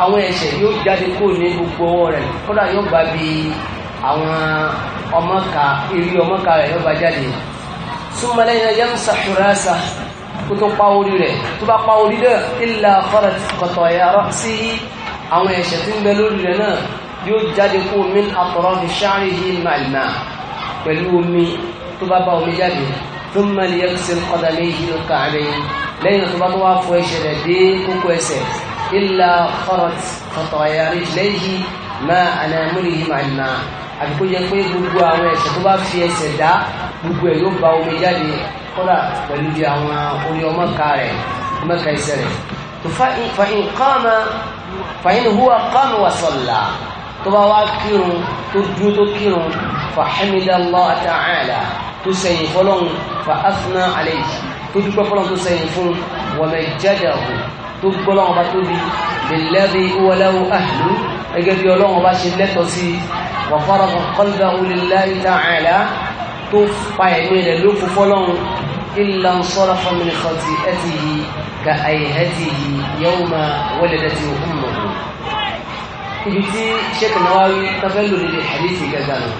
àwọn ẹ̀ṣẹ̀ yóò jáde kó ní gbogbo ọwọ́ rẹ̀ kódà yóò bá bí àwọn ọmọka eré ọmọka rẹ̀ yóò bá jáde súnmọ́ lẹ́yìn náà yẹ kó tó pa orí rẹ̀ tó bá pa orí náà ilà kọ́ra kọ̀tọ̀ ẹ̀rọ sí àwọn ẹ̀ṣẹ̀ tí ń bẹ lórí rẹ̀ náà yóò jáde kó omi àtọ̀rọ̀ fi ṣáàrì yìí màlìmá pẹ̀lú omi tó bá bá omi jáde tó mẹ́lì yẹ kí kọ́dà méjì ló kà rẹ̀ lẹ́yìn tó bá tó wá fọ ẹsẹ̀ rẹ̀ dé kókó ẹsẹ̀ ilà kọ́ra kọ̀tọ̀ ẹ̀rọ lẹ́yìn máa ànàmúlì yìí màlìmá àbíkó jẹ gbogbo àwọn ẹ̀ṣẹ̀ tó fi ẹsẹ̀ dá gbogbo ẹ̀ yóò bá omi jáde kọ́lá pẹ̀lú bí àwọn orí ọmọ ká rẹ̀ ọmọ ká iṣẹ́ rẹ̀ fàyín kọ́mọ fàyín huwa kọ́mọ wà sọ̀lá tó bá wá kírun tó dúró tó kírun fàhẹ́mídàlọ́ àtàhàlà tó sẹ́yìn fọlọ́hún fà áfúná àlẹ́ yìí tó dúpẹ́ fọlọ́hún tó sẹ́yìn fún wọ̀mẹ̀ jáde ọ̀hún tó gbọ́lọ́ ọba tóbi lèlẹ́bí wọléwó àhìlú ẹgẹ́ bí ọlọ́run ọba ṣe lẹ́tọ̀ọ́ sí wàfàrà kọ́lbà wulilá ìdáhàlà tó fa ẹ̀mí rẹ̀ ló kó fọ́lọ́run illa sarafa min khati'atihi ka hay'atihi yawma waladati ummuhu. ibi tí Sheikh Nawawi tafẹ́ lò nílé hadithi gẹ́gẹ́ nù.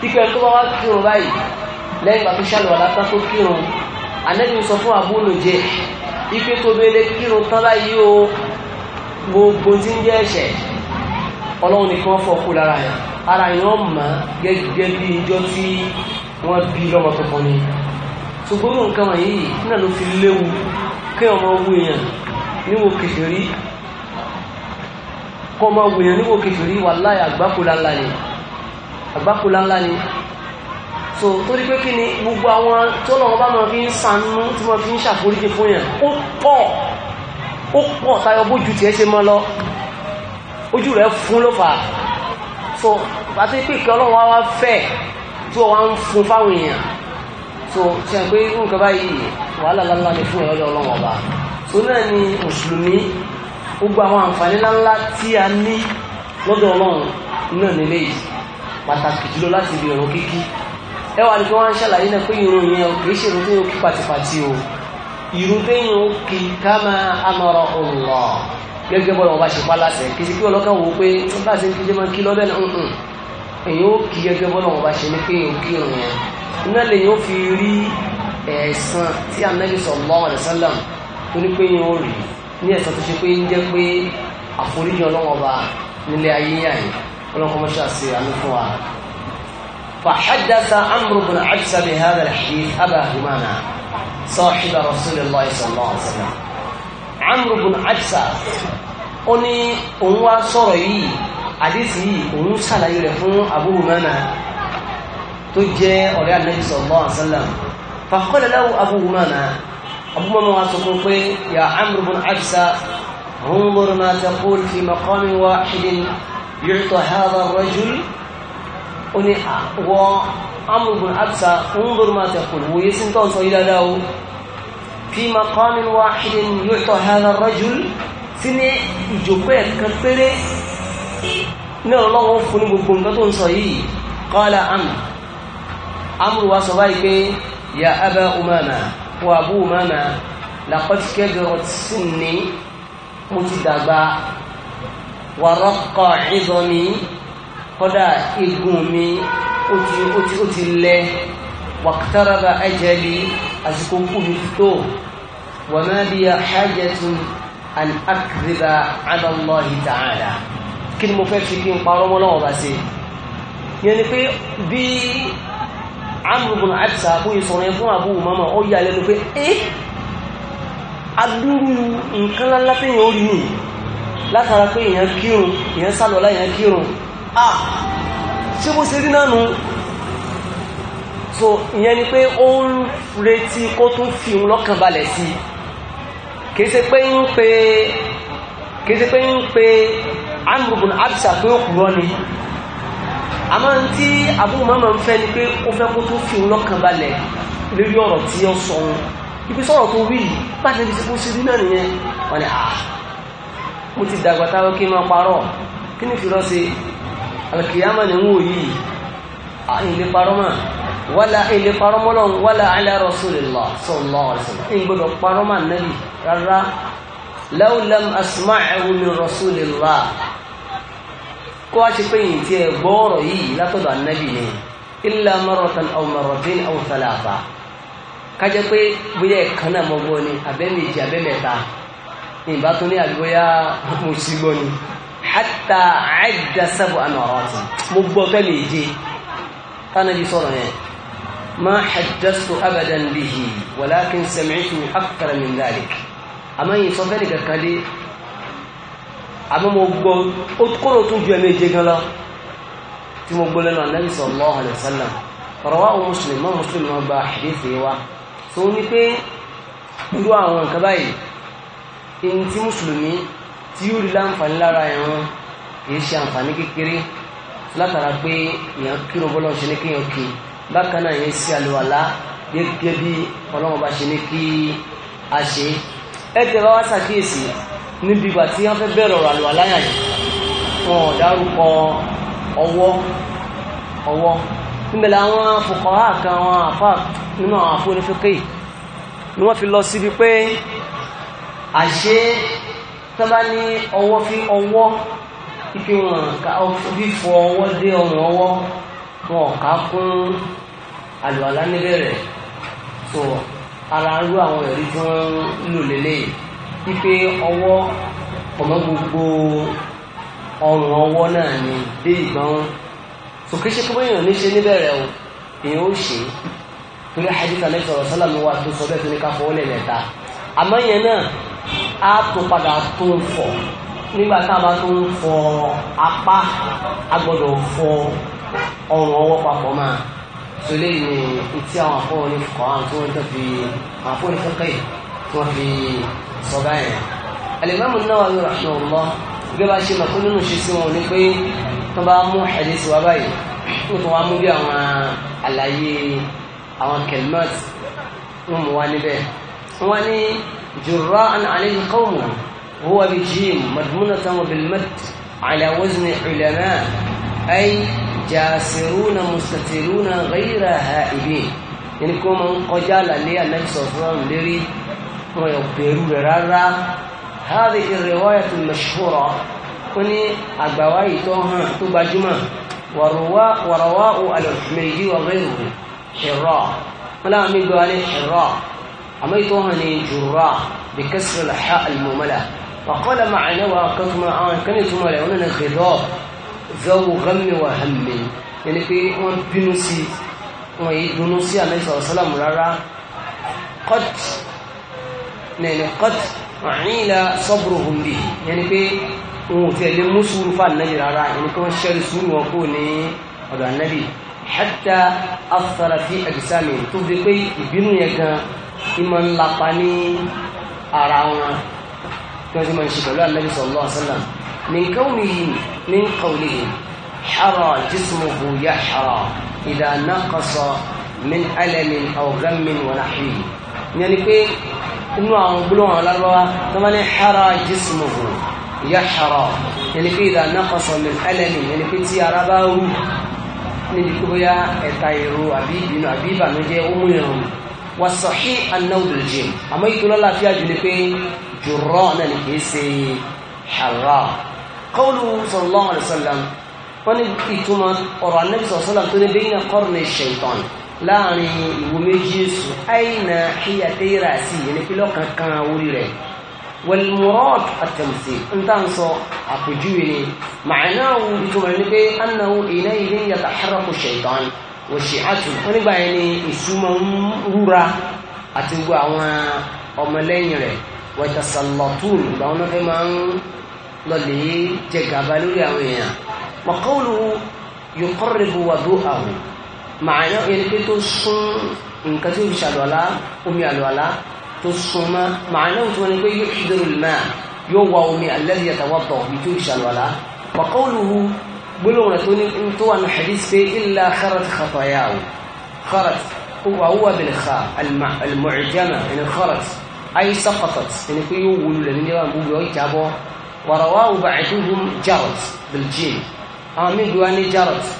pípẹ́ tó bá wá kírun báyìí lẹ́yìn pàtó ṣàlùwà látà tó kírun anẹ́bí sọ fún àbúrò jẹ́ ipe tó bẹ́lẹ̀ kírun tán báyìí o gbogbo tí ń jẹ́ ẹ̀ṣẹ̀ ọlọ́run nìkan fọ́ kú lára yẹn ara yẹn mọ̀ gẹ́gẹ́ bí ijọ́ tí wọ́n bí lọ́mọ tuntun ni ṣùgbọ́n nǹkan wọ̀nyí náà ló fi léwu kí ọmọ owó èèyàn níwò kèfèrí kọ́ ọmọ owó èèyàn níwò kèfèrí wàláhì àgbákòlá ńlá ni àgbákòlá ńlá ni so torí pé kí ni gbogbo àwọn tó lọ́wọ́ bá máa fi ń sanú tí wọ́n fi ń ṣàforíjì fún yàn ó pọ̀ ó pọ̀ tayọ bójú tiẹ̀ ṣe mọ́ lọ ojú rẹ̀ fún ló fà so àti pé kí ọlọ́run wá wá fẹ́ẹ̀ tí wọ́n ń fún fáwọn èèyàn tó ṣe pé irú nǹkan báyìí wàhálà ńláńlá ni fún ìrọ́jọ́ ọlọ́wọ́ ọba tó náà ni mùsùlùmí gbogbo àwọn àǹfààní ńláńlá tí a ní lọ́dọ̀ ọlọ́run náà nílé yìí pàtàkì jùlọ láti ibi ọ̀rọ̀ kíkí ẹ wà ní pé wọ́n ń ṣàlàyé náà pé irun yẹn kì í ṣe irun tó yẹ kí pàtìpàtì o irun tó yẹ kí ká máa amọ̀rọ̀ ọ̀rọ̀ gẹ́gẹ́ bọ́lá wọn bá ṣe pa láṣẹ kì í wò ó pé bá a ṣe ń kíjẹ́ máa kí lọ́bẹ̀ náà èyí ó kí gẹ́gẹ́ bọ́lá wọn bá ṣe ní pé èyí ó kí irun yẹn iná lè yóò fi rí ẹ̀san tí anabi sallallahu alaihi wasallam tó ní pé yẹn ó rí ní ẹ̀san tó ṣe pé ń jẹ́ pé àforíjì ọlọ́wọ́n nílé ayé yàn yìí mọ́ṣá sí àánú fún wa. فحدث عمرو بن عبس بهذا الحديث أبا همامة صاحب رسول الله صلى الله عليه وسلم عمرو بن عبس ó ní òun àdísì yìí òun ṣàlàyé rẹ̀ fún Abu Umama tó jẹ́ ọ̀rẹ́ Ànábì sallallahu alaihi wasallam faqala lahu Abu Umama Abu Umama wa sọ fún pé ya Amr ibn ما تقول في مقام واحد يعطى هذا الرجل oni wọ amúgbùn absa ńgbùn máa tẹ̀kùn wòye sí tó ń sọ ìdára o fi maqamin wahidin yu'ta hadha ar sí ní ìjòkó ẹ̀kan péré náà ọlọ́wọ́ fún ní gbogbo nǹkan tó ń sọ yìí qala amr amr wa sọ báyìí pé ya aba umama wa abu umama laqad kabirat sinni mo ti dàgbà wa raqqa 'idami kọ́dà igun mi ó ti lẹ waqtaraba ajali àsìkò kú mi tó wa ma biya hajatun an akdhiba 'ala Allahi kí ni mo fẹ́ fi kí n parọ́ mọ́ lọ́wọ́ bá ṣe yẹn ni pé bí amúrùbùn àìsà kó ìsọ̀rọ̀ yẹn fún àbú mama ó yà lẹ́nu pé ẹ́ eh, adúrú nǹkan ńlá téèyàn ó rí nì látara pé èèyàn kírun èèyàn sálọlá èèyàn kírun ah ṣé bó ṣe rí náà nu so ìyẹn ni pé ó ń retí kó tún fi òun lọ́kàn balẹ̀ sí i kìí ṣe pé ń pe kìí ṣe pé ń pe amúrùbùn abisa pé ó kúrọ́ ni àmọ́ tí abúlé màmá ń fẹ́ ni pé ó fẹ́ kó tó fi lọ́kàn balẹ̀ lórí ọ̀rọ̀ tí ó sọ wọn ibi sọ̀rọ̀ tó wí yìí bá ti fi kó náà nìyẹn wọn ni ah mo ti dàgbà táwọn kí n máa parọ́ kí ni fi lọ sí alkiyama ni wọ́n yìí ilé parọ́ mọ́ wala ilé parọ́ mọ́ lọ́n wala ala rasulillah sallallahu alaihi wasallam ń gbọdọ̀ parọ́ mọ́ nàbì rárá law lam asma'ahu min rasulillah kó wá ṣe pé yìí tí ẹ gbọ́ ọ̀rọ̀ yìí látọ̀dọ̀ ànábì ni illa marratan aw marratain aw thalatha kájẹ́ pé bóyá ẹ̀kan náà mọ́gbọ́ ni abẹ́mẹ̀jì abẹ́mẹ̀ta ìbá tó ní àgbóyá mo sì gbọ́ ni hatta adda sab'a marratin mo gbọ́ fẹ́ lè je tánàbí sọ̀rọ̀ yẹn ma haddastu abadan bihi walakin sami'tu akthara min dhalik àmọ́ yìí sọ àmọ́ mo gbọ́ ó kóró tún ju ẹ̀mí ìje gan lọ tí mo gbọ́ lẹ́nu anabi sallallahu alayhi wa sallam rawahu muslim mọ́ muslim náà gba àdéfé wa tó ní pé irú àwọn nǹkan báyìí ẹni tí mùsùlùmí tí yóò rí láǹfààní lára ẹ̀wọ̀n kìí ṣe àǹfààní kékeré látara pé èèyàn kírun bọ́lọ́ ṣe ní kéèyàn kí bákan náà èèyàn sí àlùwàlá gẹ́gẹ́ bí ọlọ́mọba ṣe ní kí a ṣe ẹ tẹ bá níbi ìgbà tí wọ́n fẹ́ bẹ̀rẹ̀ ọ̀rọ̀ àlùwà láyà yìí wọn ò dárúkọ ọwọ́ ọwọ́ níbẹ̀ làwọn fuqaha kan àwọn àfà nínú àwọn àfọ onífẹ́kẹ́ yìí ni wọ́n fi lọ síbi pé àṣé tọ́ba ní ọwọ́ fi ọwọ́ ike wọn ká fífọ ọwọ́ dé ọrùn ọwọ́ wọn ká kún àlùwà lánìbẹ̀rẹ̀ tó ara ń rú àwọn ẹ̀rí tí wọ́n ń lò lélẹ́yìí wípé ọwọ́ pọ̀mọ́ gbogbo ọrùn ọwọ́ náà ni dé ìgbọ́n sòkè ṣe kúbọ̀ èèyàn níṣe níbẹ̀rẹ̀ o èèyàn ó ṣe torí àdìsá lẹ́sọ̀ ọ̀rọ̀ sọ́là mi wà tó sọ bẹ́ẹ̀ tó ní ká fọwọ́ lẹ́ẹ̀mẹ́ta àmọ́ yẹn náà á tó padà tó ń fọ̀ nígbà tá a bá tó ń fọ apá a gbọ́dọ̀ fọ ọrùn ọwọ́ papọ̀ máa sọlé ní etí àwọn afọ́ ní àwọn tó ń tọ́ fi àwọn afọ́ ní kẹ́kẹ́ fi sọ báyìí alimami Nawawi rahimahullah gẹ́gẹ́ bá ṣe mọ̀ pé nínú ṣe sí wọn ni pé tó bá mú hadith wá báyìí tó tó wá mú bí àwọn àlàyé àwọn kelmat wọn mú wá níbẹ̀ wọn ní jùrọ̀ àlẹ́ ìkọ́wọ̀n هو بجيم مضمونة وبالمد على وزن علماء أي جاسرون مستترون غير هائبين يعني كما قجال لي النبي صلى الله عليه وسلم wọn ò bẹ̀rù rẹ̀ rárá هذه الرواية المشهورة وني أبواي توها تبجمة ورواء ورواء الحميدي وغيره حراء ولا أمين قالي حراء أمي توها جراء بكسر الحاء المملة وقال معنا وكما كان يتم لعنا غضاب ذو غم وهم يعني في أمان بنوسي وان عليه الصلاة والسلام رارا قد nẹ̀lẹ̀ kọ́t àìlà sọ́bùrù hùmbì yẹni pé wọn ò tẹ̀lé mú sùúrù fún ànábì rárá yẹni pé wọ́n ṣẹ́rí sùúrù wọn kó ní ọ̀dọ̀ ànábì hatta afẹ́ra fi àjísàmì tó fi pé ìbínú yẹn gan ìmọ̀ ńlapa ní ara wọn tí wọ́n ti máa ń ṣe pẹ̀lú ànábì sallallahu alaihi wasallam min kawnihi min qawlihi حرى جسمه يحرى إذا نقص من ألم أو غم ونحوه يعني pé inú àwọn gbólóhùn alárọ́wá tó máa ní hara jismuhu yahara yẹni pé idha naqasa min alami yẹni pé tí ara bá wù níbi kó bóyá ẹ̀ta èrò àbí ìbínú àbí ìbànújẹ́ ó mú ìrùn wà sọ̀hí anáwùdòjì àmọ́ ìtòlọ́ láfíà jù ní pé jùrọ̀ náà ní kìí ṣe hara qawlu sallallahu alaihi wasallam wọ́n ní ìtumọ̀ ọ̀rọ̀ láàrin ìwo méjì èso àìnà ìyàtẹ́ ìrà sí ìyẹn pé lọ́kàn kan orí rẹ̀ wal-murad at-tamthil ń tà ń sọ àpèjúwe ni ma'nahu ìtumọ̀ ní pé annahu ilayhi yataharraku shaytan wa shi'atuhu wọn nígbà yẹn ni ìsúmọ̀ ń rúra àti gbogbo àwọn ọmọlẹ́yìn rẹ̀ wa ìgbà wọn fẹ́ máa ń lọlé jẹ gàba lórí àwọn èèyàn wa màáyán ẹni pé tó sún nǹkan tí ó fi ṣàlùwàlá omi àlùwàlá tó sún mọ́ màáyán tó wọn ni pé yóò dúró lùmọ́ yóò wá omi alladhi yatawadda omi tí ó fi ṣàlùwàlá wa qawluhu gbólóhùn rẹ̀ tó ní tó wà ní hadith pé illa kharat khatayahu kharat wa huwa bil kha al ẹni kharat ay saqatat ẹni pé yóò wúlò lẹ́nu ní wọn gbogbo ọjà bọ́ wa rawahu ba'duhum jarat bil jim àwọn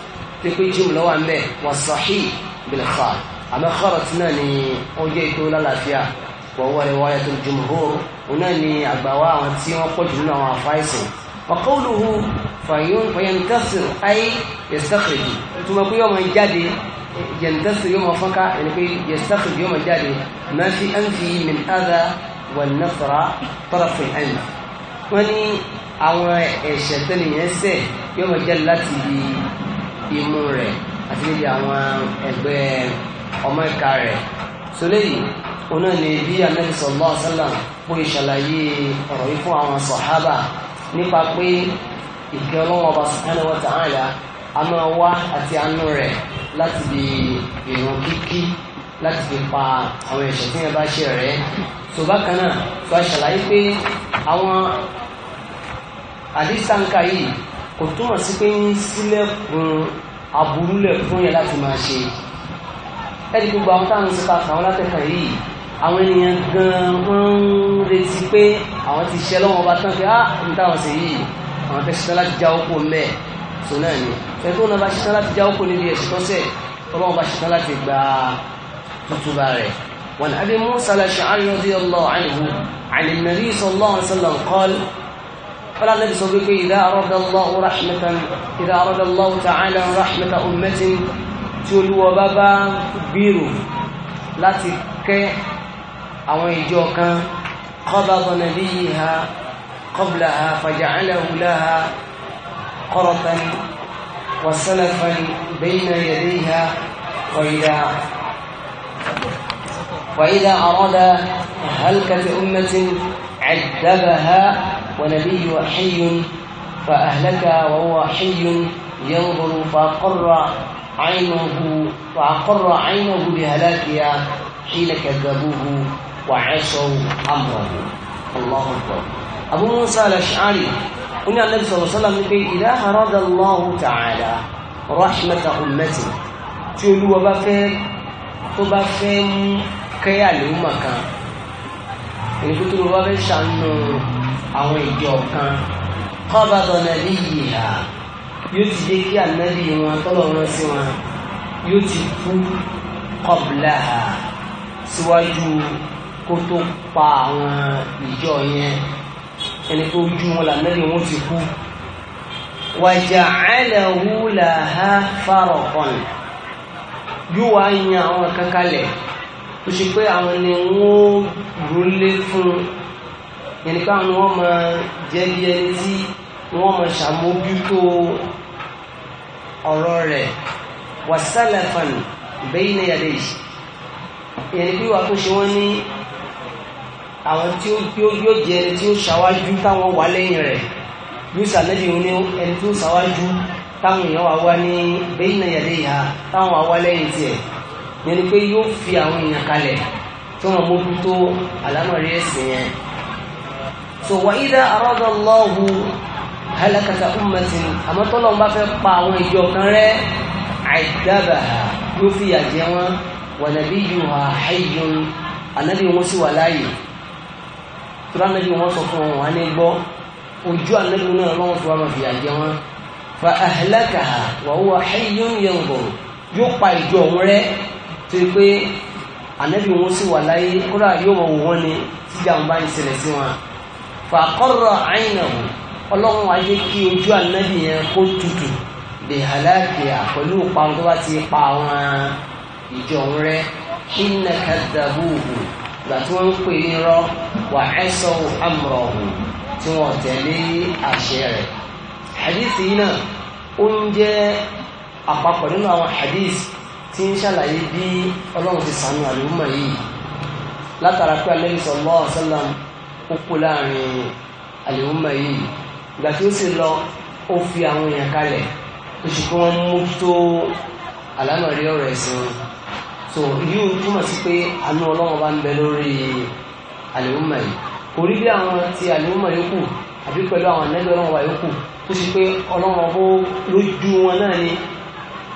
pé pé jíìmù lọ́wọ́ ń bẹ̀ wà sahih bil kha àmọ́ kharat náà ni ó jẹ́ ètò lálàáfíà wọ́wọ́ rẹ̀ wáyé tó jumhur òun náà ni àgbàwá àwọn tí wọ́n pọ̀ jù nínú àwọn àfáìsìn wàkọ́wùlùhù fàyẹ̀ntẹ́sìrì ayé yẹ̀sẹ́kìrì tó pé yọ́ jáde ينتصر يوم وفقع يعني يستخرج يوم الجاري ما في أنفه من أذى والنصر طرف الأنف wọ́n ní àwọn ẹ̀ṣẹ̀ tó nìyẹn ṣẹ̀ imú rẹ̀ àti níbi àwọn ẹgbẹ́ ọmọ ìka rẹ̀ sólè yìí òun náà ni bí anabi sallallahu alaihi wasallam pé ìṣàlàyé ọ̀rọ̀ yìí fún àwọn sọ̀hábà nípa pé ìkẹ́ ọlọ́wọ́ ọba subhanahu wa ta'ala a máa wá àti àánú rẹ̀ láti di ìrùn kíkí láti fi pa àwọn ẹ̀ṣẹ̀ tí yẹn bá ṣe rẹ̀ tó bákan náà tó a ṣàlàyé pé àwọn àdìsánká yìí kò túmọ̀ sí pé ń sílẹ̀kùn aburúlẹ̀ fún yẹn láti máa ṣe ẹ̀rí gbogbo àwọn táwọn ti pa àwọn látẹ̀kàn yìí àwọn ènìyàn gan wọ́n ń retí pé àwọn ti ṣe lọ́wọ́ bá tán pé á ah, ń táwọn sí yìí àwọn fẹ́ ṣetán láti já oko mẹ́ẹ̀ tó náà ni fẹ́ tó náà bá ṣetán láti já oko níbi ẹ̀sùn tó sẹ̀ ọlọ́wọ́ bá ṣetán láti gba tutuba rẹ̀ wọn àbí Musa al-Ash'ari radiyallahu قال النبي صلى الله عليه وسلم إذا أراد الله رحمة إذا أراد الله تعالى رحمة أمة تولوا بابا بيرو لا تكي أو يجوك قبض نبيها قبلها فجعله لها قرطا وسلفا بين يديها وإذا وإذا أراد هلكة أمة عذبها ونبي حي فأهلك وهو حي ينظر فأقر عينه فأقر عينه بهلاكها حين كذبوه وعصوا أمره الله أكبر أبو موسى الأشعري قلنا النبي صلى الله عليه وسلم كي إذا أراد الله تعالى رحمة أمته تقولوا بفير تبفير كيالي أمك يعني كنت بفير شأنه àwọn ìjọ kan kọ́ba dọ̀nà níyì hà yóò ti jẹ́ kí ànábì wọn tọ́lọ̀ wọn sí wọn yóò ti kú kọ́bùlà hà síwájú kó tó pa àwọn ìjọ yẹn ẹni tó jú wọn lànábì wọn ti kú wàjà àlẹ́wù làhá fárọ̀ kan yóò wá yan àwọn kankalẹ̀ tó ṣe pé àwọn ni wọ́n rúlé fún un yẹn ká ni wọ́n máa jẹ́ bí ẹni tí wọ́n máa ṣàmójútó ọ̀rọ̀ rẹ̀ wasalafan bayna yadayhi yẹn bí wàá tó ṣe wọ́n ní àwọn tí ó tí ó yóò jẹ ẹni tí ó ṣàwájú táwọn wà lẹ́yìn rẹ̀ yóò ṣàlẹ́bí wọn ẹni tí ó ṣàwájú táwọn èèyàn wà wá ní bayna yadayha táwọn wà wá lẹ́yìn tiẹ̀ yẹn ni pé yóò fi àwọn èèyàn kalẹ̀ tí wọ́n mójútó àlámọ̀rí ẹ̀sìn yẹn so wà ídá àrọ́dọ̀ lọ́hù halakata ummatin àmọ́ tọ́lọ́ ń bá fẹ́ pa àwọn ìjọ kan rẹ́ àìdábà yóò fi àjẹ wọn wà nàbí yóò hà hayyun ànábì wọn sì wà láàyè tó bá nàbí wọn sọ fún wọn wà ní gbọ́ ojú ànábì náà lọ́wọ́ fi wà máa fi àjẹ wọn fa ahlakaha wà huwa hayyun yanzuru yóò pa ìjọ òun rẹ́ tó yẹ pé ànábì wọn sì wà láàyè kódà yóò mọ̀ wọ́n ni tíjà ń bá ń ṣẹlẹ̀ sí wọn fàkọ́rọ̀ àìnàwó ọlọ́run ayé kí ojú ànábì yẹn kó tutù lè hàlákìá pẹ̀lú ìparun tó bá ti pa àwọn ìjọ ń rẹ iná kàdàbùhù ìgbà tí wọ́n ń pè é rọ wà ẹ́sọ̀ àmọ̀rọ̀hù tí wọ́n tẹ̀lé àṣẹ rẹ̀ hadith yìí náà ó ń jẹ́ àpapọ̀ nínú àwọn hadith tí ń ṣàlàyé bí ọlọ́run ti sànú àlùmọ̀ yìí látara pé alẹ́ ìsọ̀lọ́ ọ̀sán náà kókó láàrin àlèhùnmọ̀ yìí ìgbà tí ó sì lọ ó fi àwọn èèyàn kalẹ̀ tó kí wọ́n mójútó àlámọ̀rí ọ̀rọ̀ ẹ̀sìn so yìí túmọ̀ sí pé àánú ọlọ́run bá ń bẹ lórí àlèhùnmọ̀ yìí kò rí bí àwọn ti àlèhùnmọ̀ yòókù àbí pẹ̀lú àwọn ànẹ́bí ọlọ́run wa yòókù tó ṣe pé ọlọ́run ọbọ̀ lójú wọn náà ni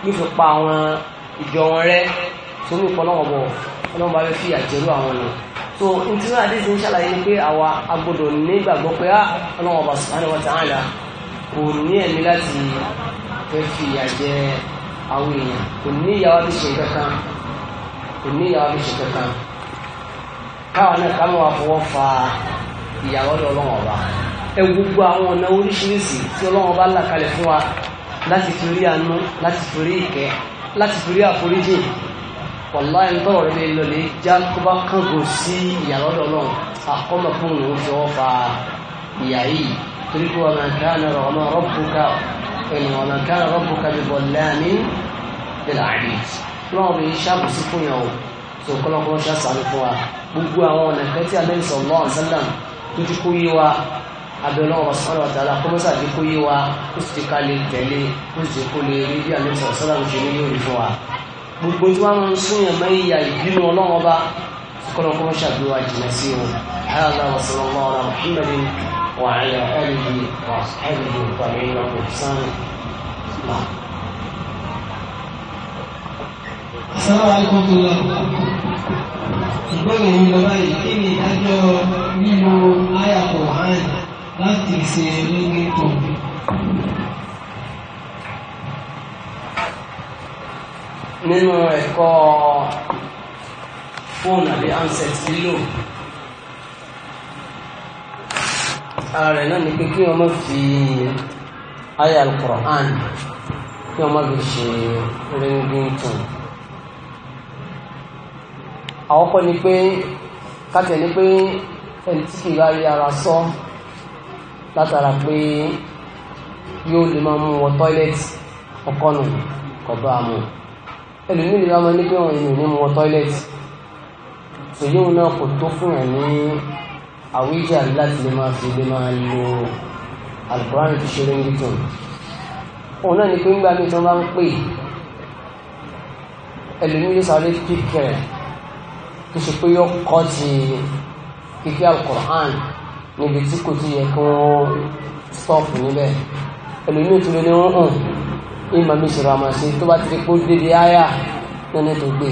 yóò fi pa àwọn ìjọ wọn rẹ́ sórí ìpọ́nlọ́wọ́ bọ̀ ọlọ́run bá fẹ́ fi àjẹrú àwọn náà tó n tí wọ́n àdéhùn ṣàlàyé ni pé àwa agbọ́dọ̀ nígbàgbọ́ pé ah, ọlọ́wọ́n bá subhanahu wa ta'ala kò ní ẹ̀mí láti fẹ́ fi ìyà jẹ àwọn èèyàn kò ní ìyàwó fi ṣe kankan kò ní ìyàwó fi ṣe kankan káwọn náà ká máa fọwọ́ fa ìyàwó lọ ọlọ́wọ́n ọba ẹ gbogbo àwọn ọ̀nà oríṣiríṣi tí ọlọ́wọ́n ọba là kalẹ̀ fún wa láti fi rí àánú láti fi rí ìkẹ́ láti fi àforíjì wàlá ẹni tọrọ rẹ lè lọlé já tó bá kángun sí ìyá lọ́dọ̀ náà àkọmọ fún òun fi wọn fa ìyá yìí torí pé wọn kà á nọrọ ọmọ rọpùkà ẹni wọn kà á rọpùkà bí bọlá ní bẹlẹ àdé lọ́wọ́ bí sábùsí fún yàn o tó kọlọkọ ṣàṣàlù fún wa gbogbo àwọn ọ̀nà kan tí alẹ́ sọ lọ́wọ́ sẹ́lẹ̀m tó ti kó yé wa abẹ́lẹ́ ọ̀rọ̀ sọ́lọ́ ọ̀tàlá kọ́mọ́sà ti kó yé wa ó sì ti ká lè tẹ̀lé ó sì ti kó lè rí bí alẹ́ sọ sọ́lọ́m ṣe ní yóò rí fún wa gbogbo tí wọ́n ń súnyàn mọ́ ìyà ìbínú ọlọ́run ọba kọ́nà kọ́nà ṣàdúrà jìnà sí wọn hàlá wa sallallahu ala muhammadin wa ala alihi wa ashabihi wa tabi'in wa ihsan Assalamu alaikum ṣùgbọ́n èyí lọ báyìí kí ni ìdájọ́ lílo ayàpọ̀ hàn láti ṣe lórí tó nínú ẹ̀kọ́ fóònù àbí handset lílò ara rẹ̀ náà ni pé kí wọ́n má fi ayé alukur'an kí wọ́n má fi ṣe ringington àkọ́kọ́ ni pé kátẹ̀ ni pé ẹni tí kì í bá rí ara sọ látara pé yóò lè máa mú wọ tọ́ílẹ̀tì ọkọ nù kọ̀ bá a mú ẹlòmí lè wọ́n ní pé wọ́n yìí ní mọ́ tọ́ílẹ̀tì èyí wọn náà kò tó fún ẹ̀ ní àwíjà láti lè máa fi lè máa lo alukóran ti ṣe lóyún tó òun náà ní pé ńgbà mi tí wọ́n bá ń pè ẹlòmí lè sáré kíkẹ́ tó ṣe pé yọ kọ́ ti kíkẹ́ alukóran níbi tí kò ti yẹ kí wọ́n stọ́ọ̀pù níbẹ̀ ẹlòmí tó lè ní wọ́n hàn ìmọ̀ mi sọ̀rọ̀ àmọ̀ sí tó bá ti rí pé ó débi áyà náà ní tó gbé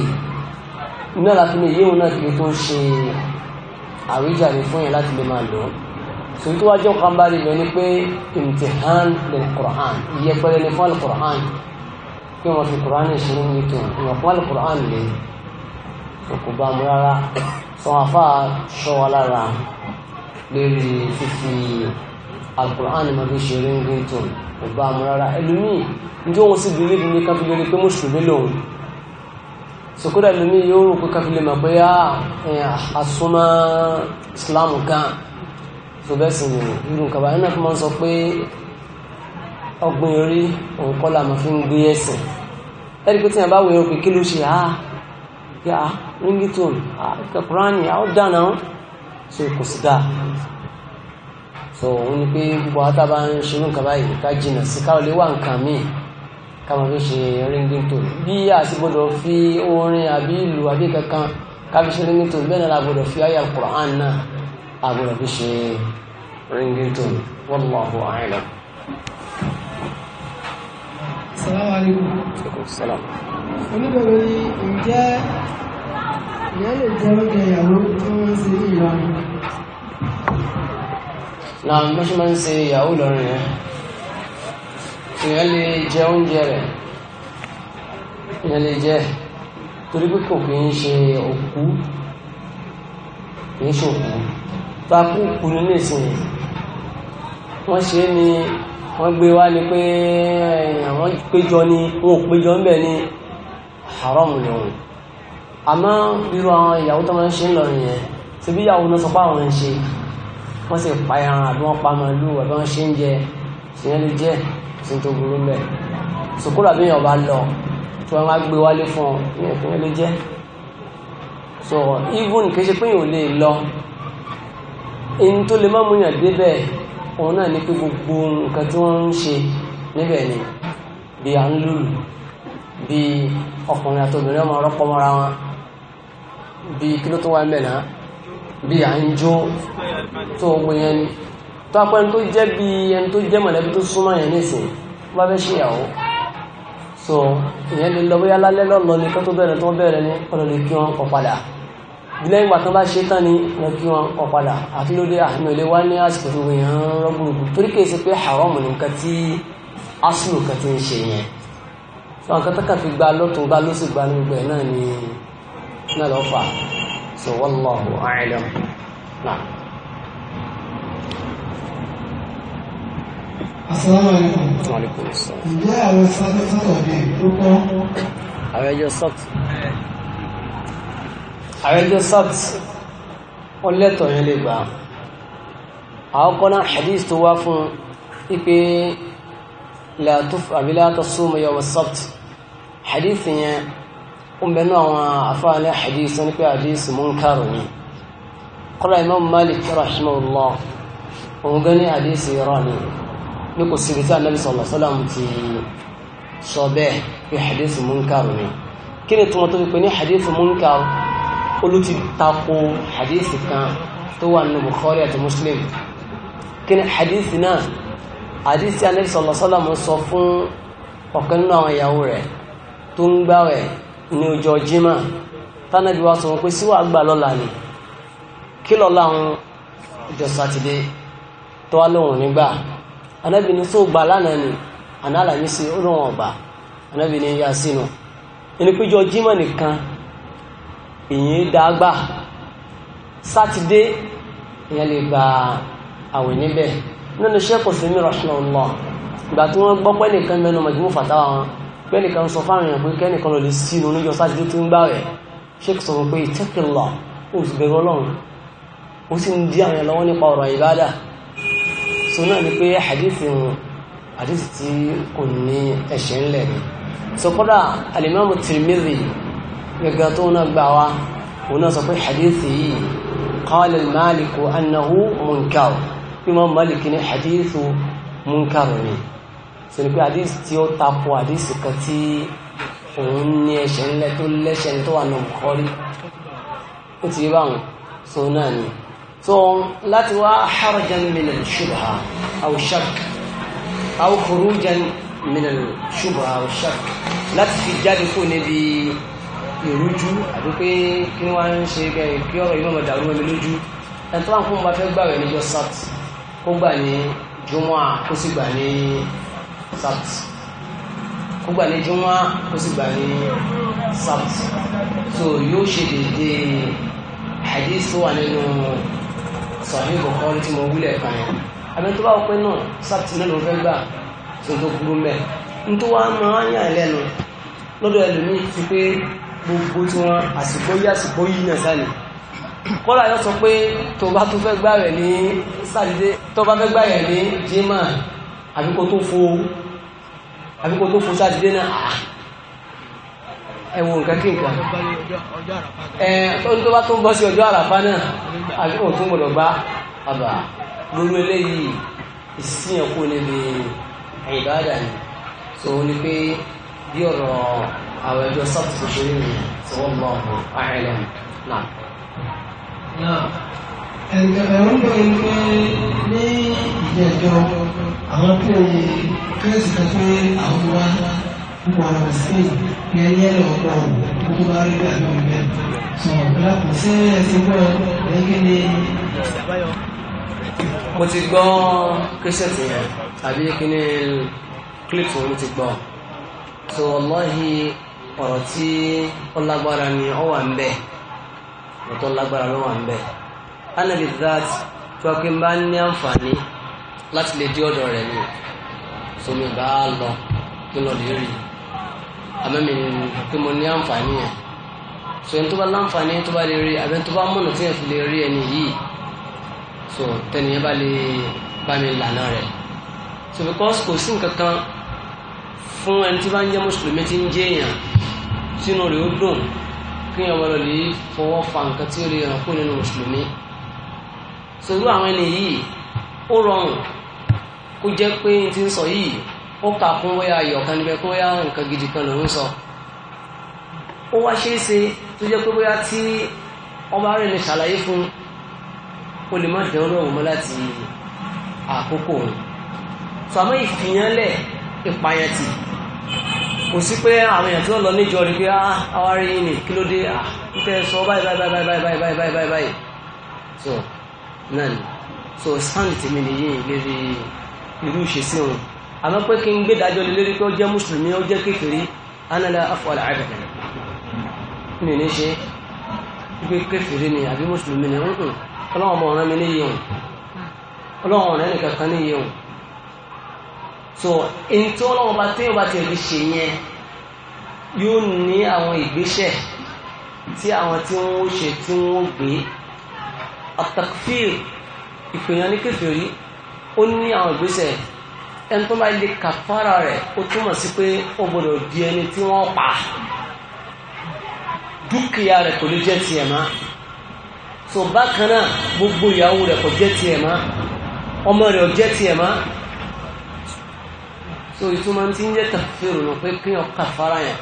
iná láti ní yíò náà kìí tó ń ṣe àwíjàre fún yẹn láti lè máa lò ó sòrí tó wájú kan bá lè lọ ní pé imtihan lil Qur'an iye pẹ̀lẹ́ ní fún kí wọn fi Qur'an ìṣòro ní tó ìwọ̀n fún alukur'an lè kò bá mu rárá sọ wọn afá ṣọ lórí fífi alukur'an ma fi ṣe ringin tone kò bá mu rárá ẹlòmíì njẹ́ òun sì bìlí bìlí káfílẹ̀ ni pé mùsùlùmí lòun sokoda ẹlòmíì yóò rò pé káfílẹ̀ mà pé àsúnmọ́ ah, islam gan tó bẹ́ẹ̀ sì ní irú nǹkan báyìí náà fi máa ń sọ pé ọgbìn orí òun kọ́ la fi ń gbé ẹ̀sìn ẹ̀rí pé tí yẹn bá wẹ̀ ọ́ kí ló ṣe àá ah, yà ringin tone ah, kàkúránì àwọn dáná so kò sí dáa so òun ni pé gbogbo ata bá ń ṣe nǹkan báyìí ká jìnà sí ká lè wá nǹkan míì ká máa fi ṣe ringingto bí a sì gbọdọ̀ fi orin àbí ìlú àbí kankan ká fi ṣe ringingto bẹ́ẹ̀ náà la gbọdọ̀ fi àyà Qur'an náà a gbọdọ̀ fi ṣe ringingto wallahu a'lam. salamu alaykum. salam. oníbẹ̀rẹ̀ ni ǹjẹ́ ìyá lè jẹ́ oúnjẹ ìyàwó tí wọ́n ń ṣe ní na bó ṣe máa ń ṣe ìyàwó lọ́rùn yẹn èèyàn lè jẹ oúnjẹ rẹ̀ èèyàn lè jẹ torí pé kò kì í ṣe òkú kì í ṣe òkú bá kú kú ní wọ́n ṣe é wọ́n gbé wá ní pé àwọn péjọ ní wọn ò péjọ ń bẹ̀ ní haram ni òun àmọ́ irú àwọn ìyàwó tó máa ń ṣe ń lọ nìyẹn ṣe bí ìyàwó náà sọ pé àwọn ń ṣe wọ́n sì pa ẹran àbí wọ́n pa màálù àbí wọ́n ṣe ń jẹ ìyẹn lè jẹ́ sí tó burú mẹ́ sòkúrò àbí èèyàn bá lọ tí wọ́n wá gbé wálé fún ọ ìyẹn ìpínlẹ̀ lè jẹ́ so even kì í ṣe pé èèyàn ò lè lọ ẹni tó lè má mú yàn débẹ̀ òun náà ní pé gbogbo nǹkan tí wọ́n ń ṣe níbẹ̀ ni bí à ń lùlù bí ọkùnrin àti obìnrin ọmọ ọlọ́pọ̀ mọ́ra wọn bí kí ló tó wá mẹ́lẹ̀ náà bí à ń jó tó gbé yẹn ni tó apẹ́ tó jẹ́ bí ẹni tó jẹ́ mọ̀lẹ́bí tó súnmọ́ yẹn nísìn bá fẹ́ ṣe ìyàwó so ìyẹn lè lọ bóyá lálẹ́ lọ́lọ́ ni kó tó bẹ̀rẹ̀ tó bẹ̀rẹ̀ ní ọ̀nà lè kí wọn kọ̀ padà lẹ́yìn ìgbà tó bá ṣe tán ni lọ kí wọn kọ̀ padà àfi lóde àmì òde wá ní àsìkò tó wọ̀nyẹn rọ́gbùrùgbù torí kìí ṣe pé haram nìkan tí asùlù kan ti ń ṣe so àwọn kan tó kàn fi gba lọ́tún gba lọ́sì gba so wallahu a'lam náà. asalaamualeykum. maaleykum salaam. ǹjẹ́ àwọn sáré sátọ̀dé tó kọ́. àwọn ẹjọ́ sọ́ọ̀tì. àwọn ẹjọ́ sọ́ọ̀tì wọ́n lẹ́tọ̀ọ́ yẹn lè gbà á àkọ́kọ́ náà hadith tó wá fún ipé látúf àbílátọ̀ súnmọ̀ yọmọ̀ hadith yẹn ọmọbìnrin àwọn afáàní àdísí ní pé àdísí munkar ni kọ́lá imam malik rahimahullah òun gani àdísí rani ní kò sí ìrìtà nàbí sọ̀lọ̀ sọ́lá ti sọ bẹ́ẹ̀ pé àdísí munkar ni kí ni túnmọ̀ tó fi pé ní àdísí munkar olú ti tako àdísí kan tó wà nínú bukhari àti muslim kí ni àdísí náà àdísí ànábì sọ̀lọ̀ sọ fún ọ̀kan nínú àwọn ìyàwó rẹ̀ tó ń gbáwẹ̀ ní ọjọ́ jimá tánàbí wa sọ pé síwá gbà lọ́la ni kí lọ́la ń jọ sátidé tó wá lóhùn nígbà anábì ní tó gbà lánàá ni àná àlàmísì ó lóhùn ọ̀gbà anábì ní yá sínú ẹni péjọ jimá nìkan ìyìn dàgbà sátidé ìyẹn lè gba àwẹ̀ níbẹ̀ nínú sẹ́kọ̀ọ́ sí mi rahmanulah ìgbà tí wọ́n gbọ́ nìkan mẹ́nu mọ̀júmọ́ fàtàwọn pẹ́nìkan sọ fáwọn èèyàn pé kẹ́nìkan lọ lè sínú níjọ sátidé tí ń gbà rẹ̀ sheik sọ pé tẹ́kìlá ó sì bẹ̀rù ọlọ́run ó sì ń dí àwọn èèyàn lọ́wọ́ nípa ọ̀rọ̀ ìbádà so náà ni pé hadith wọn hadith tí kò ní ẹ̀ṣẹ̀ ńlẹ̀ ni sọ kọ́dà alimami Tirmidhi gẹ́gẹ́ tó náà gbà wá òun náà sọ pé hadith yìí qala al-Malik annahu munkar imam Malik ni hadith munkar ni sọ̀rọ̀ pé àdìsí tí ó tako àdìsí kan tí òun ní ẹsẹ̀ ńlẹ̀ tó lẹ́sẹ̀ tó wà náà kọ́ ó ti yé báwọn so náà ni so láti wá harajan min al-shubha aw shak aw khurujan min al-shubha aw shak láti fi jáde kó níbi ìrújú àti pé kí wọ́n ń ṣe kí ọ̀rọ̀ yìí mọ̀mọ́ dàrú ẹni lójú ẹni tó wà fún bá fẹ́ gbà rẹ̀ sat kó gbà ní jùmọ̀ kó sì gbà ní sábt ó gbà ní júmọ́ ó sì gbà ní sábt so yóò ṣe dédé hadith tó wà nínú sọ̀rọ̀ ìbọ̀kọ́ tí mo wúlẹ̀ kan yẹn àbẹ tó bá wọ pé náà sábt náà ló fẹ́ gbà tó tó kúrú mẹ́ n tó wá máa ń yàn lẹ́nu lọ́dọ̀ ẹlòmíì ti pé gbogbo tí wọ́n àsìkò yí àsìkò yí náà sáà nìyí kọ́lá yọ sọ pé tó bá tún fẹ́ gbà rẹ̀ ní sátidé tó bá fẹ́ gbà rẹ̀ ní jimá àbíkò tó fo àbíkò tó fo sátidé náà ah, ẹwọ nǹkan kí nǹkan ẹ̀ẹ́n tó bá tó bọ́ sí ọjọ́ àràfá náà àbíkò tó gbọ́dọ̀ gbá àbà lórí eléyìí ìsìnyẹ̀kú níbi ìbáàdà ni so ní pé bí ọ̀rọ̀ àwọn ẹjọ́ sọ́ọ̀tù tó ṣe rí nìyẹn sọ́wọ́n bọ̀ ẹ̀rọ ń bọ̀ yìí pé ní ìjẹ̀jọ àwọn tó yẹ kẹ́sì kan pé àwọn wa ń bọ̀ ọ̀rọ̀ sí ní ẹyẹ lọ́pọ̀ tó tó bá rí bí àbí òun sọ ọ̀gá kò sí ẹsẹ̀ gbọ́ ẹ̀yìn ní. mo ti gbọ́ kẹ́sẹ̀tì yẹn àbí kí ni mo ti gbọ́ so wallahi ọ̀rọ̀ tí ó lágbára ni ó wà ń bẹ̀ ọ̀rọ̀ tó lágbára ló wà ń bẹ̀ anabi that tó a pé bá ní àǹfààní láti lè dé ọ̀dọ̀ rẹ̀ ni sómi bá a lọ kí lọ lè rí àmẹ́mi ni pé mo ní àǹfààní yẹn so ẹni tó bá láǹfààní tó bá lè rí àbẹ́ tó bá mọ̀nà tí yẹn fi lè rí ẹni yìí so tẹnìyẹn bá lè bá mi lànà rẹ̀ so because kò sí nǹkan kan fún ẹni tí bá ń jẹ́ mùsùlùmí tí ń jẹ́ èèyàn sínú rẹ̀ ó dùn kí èèyàn wọlé fọwọ́ fa nǹkan tí ó lè ràn kó nínú mùsùlùmí sòrú àwọn ẹni yìí ó rọrùn kó jẹ́ pé n ti ń sọ yìí ó kà fún wáyà ayọ̀kan níbẹ̀ fún wáyà nǹkan gidi kan lòún sọ ó wá ṣeé ṣe tó jẹ́ pé bóyá tí ọba rẹ̀ lè ṣàlàyé fún o lè má dán lọ́rùn mọ́ láti àkókò òun sàmọ́ ìfìyànlẹ̀ ìpayàn tì kò sí pé àwọn èèyàn tí wọ́n lọ níjọ ah, rí pé àwárí yìí ni kí ló dé à ń tẹ́ sọ báyìí báyìí báyìí báyìí báyìí báyìí báyìí báyìí so náà ni so stand tèmi nìyí lérí irú ìṣesí wọn àmọ́ pé kí n gbé dájọ́ lé lérí pé ó jẹ́ mùsùlùmí ó jẹ́ kékeré anala afọlá àbẹ̀bẹ̀ mi ní ṣe pé kékeré ni àbí mùsùlùmí ni ń kùn ọlọ́wọ́n ọmọ ọ̀ràn mi níyì hùn ọlọ́wọ́n ọ̀ràn ẹnìkan kan níyì hùn so èyí tí ọlọ́wọ́n bá tẹ́yìn bá tiẹ̀ fi ṣe yẹn yóò ní àwọn ìgbésẹ̀ tí àwọn tí wọ́n ṣe tí wọ́n gbé àtàkfíìr ìpènyàn ní kèfèrí ó ní àwọn ìgbésẹ̀ ẹni tó bá lè kàfàrà rẹ̀ ó túmọ̀ sí pé ó gbọdọ̀ di ẹni tí wọ́n pa dúkìá rẹ̀ kò lè jẹ́ tiẹ̀ mọ́ so bákan náà gbogbo ìyàwó rẹ̀ kò jẹ́ tiẹ̀ mọ́ ọmọ rẹ̀ ò jẹ́ tiẹ̀ mọ́ so ìtumọ̀ tí ń jẹ́ kàfẹ́rù nù pé kí wọ́n kàfàrà yẹn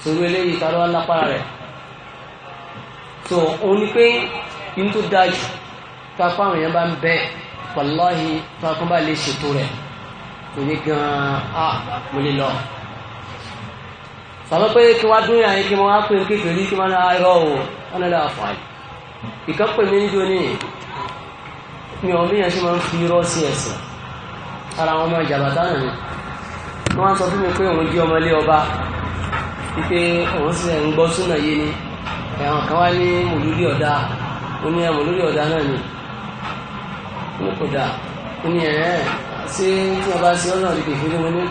sórí eléyìí tá ló wá lápára rẹ̀ so òun ni pé yín tó dájú ká fáwọn èèyàn bá ń bẹ wàláhì fáwọn bá lè ṣètò rẹ̀ kò ní gan-an á ah, mo lè lọ. sàmọ́ pé kí wá dún yàn kí mo wá pè kékeré kí wọ́n náà rọ o wọ́n náà lè fà á. ìkan pè mí níjó ní mi ò bí yẹn ṣe máa ń fi irọ́ sí ẹ̀sìn ara àwọn ọmọ ìjàmbá táwọn ni wọ́n sọ fún mi pé òun jí ọmọ ọba wípé òun sì ń gbọ́ súnà yé ni ẹ̀wọ̀n kan wá ní mòlúrí ọ̀dà ó ní ẹmọ lórí ọ̀dà náà ni ní kò dáa ó ní ẹ̀rẹ́ ṣé tí wọ́n bá ṣe ọ́ náà di kèfèrí ni, ní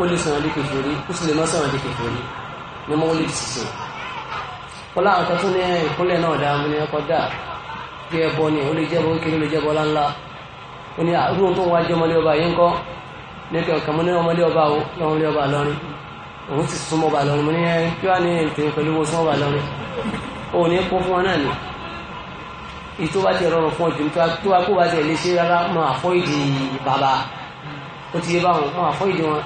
ó lè sọ̀rọ̀ di kèfèrí ó sì lè má sọ̀rọ̀ di kèfèrí ni mo lè ṣiṣẹ́ kọ́lá àwọn kan ní ìpínlẹ̀ náà dáa mo ní ẹ̀kọ́ dáa bí ẹbọ ni ó lè jẹ́bọ kéré ó lè jẹ́bọ láńlá ó ní àrùn tó ń wájú ọmọlé ọba yìí ń kọ́ ní kí ọ̀kan mo ní ọmọlé ọba o lọ́mọlé ọba lọ́rin òun sì súnmọ́ ọba lọ́rin mo ní ẹ kí wàá ní ètò ìpẹ̀lú owó súnmọ́ ni ètò bá ti rọrùn fún ọjọ́ tó wá kó bá ti lè ṣe rárá mọ àfọ́ ìdí bàbá ó ti yé báwọn mọ àfọ́ ìdí wọn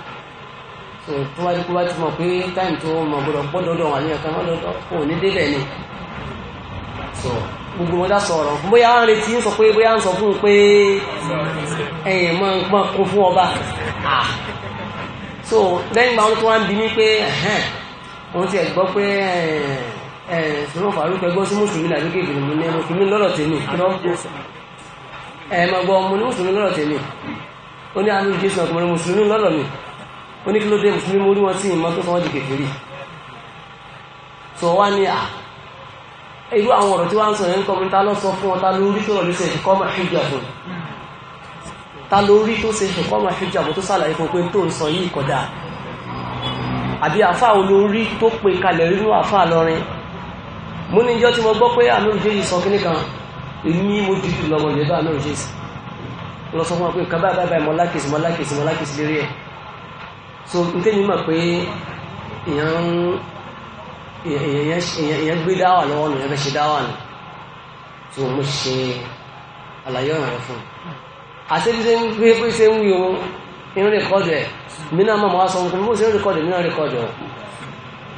tó wá kó bá ti mọ̀ pé táìmù tó mọ̀ gbọdọ̀ pọ̀ dọ́dọ̀ wà ní ẹ̀ka mọ́dọ́dọ́ kò ní débẹ̀ ni gbogbo wọn dá sọ̀rọ̀ bóyá wọn retí ń sọ pé bóyá ń sọ fún un pé ẹ̀yìn mọ́ kún fún ọba so lẹ́yìn gbà wọn tó wá ń bi mí pé òun ti ẹ̀ gbọ́ pé ẹ̀ẹ́ ṣòro fàárù kẹgbọ́ sí mùsùlùmí nàbí kéèkìrì mú ní mùsùlùmí lọ́rọ̀ tèmi kíná ẹ máa gbọ́ ọmọ ní mùsùlùmí lọ́rọ̀ tèmi ó ní àánú jésù ọkùnrin mùsùlùmí lọ́rọ̀ mi ó ní kí ló dé mùsùlùmí mo rí wọn sí ìmọ̀ tó sọ wọ́n di kékeré sọ wá ní à irú àwọn ọ̀rọ̀ tí wọ́n ń sọ yẹn ń kọ́ mi ta ló sọ fún ọ ta ló rí sọ̀rọ̀ lóṣẹ̀ ṣe kọ́ máa fi jà fún ta ló rí tó ṣe àbí àfa olórí tó pe kalẹ̀ rírú àfa lọrin mo ní ìjọ tí mo gbọ́ pé àmìrù jésù sọ kí nìkan èmi mo dìdì lọ́wọ́ ìlú bá àmìrù jésù lọ sọ fún wa pé nǹkan báyìí báyìí mọ́lákèsì mọ́lákèsì lérí ẹ̀ so n tẹ́ mi mọ̀ pé èèyàn gbé dáwà lọ́wọ́ nù ẹgbẹ́ ṣe dáwà nù so mo ṣe àlàyé ọ̀ràn rẹ̀ fún un àti bí sẹ́yìn gbé bí sẹ́yìn wí òun inú rẹ̀kọ́dù ẹ̀ mí náà mọ̀ mọ́ sọ fún mi mo ṣe ń rẹ̀kọ́dù mí náà rẹ̀kọ́dù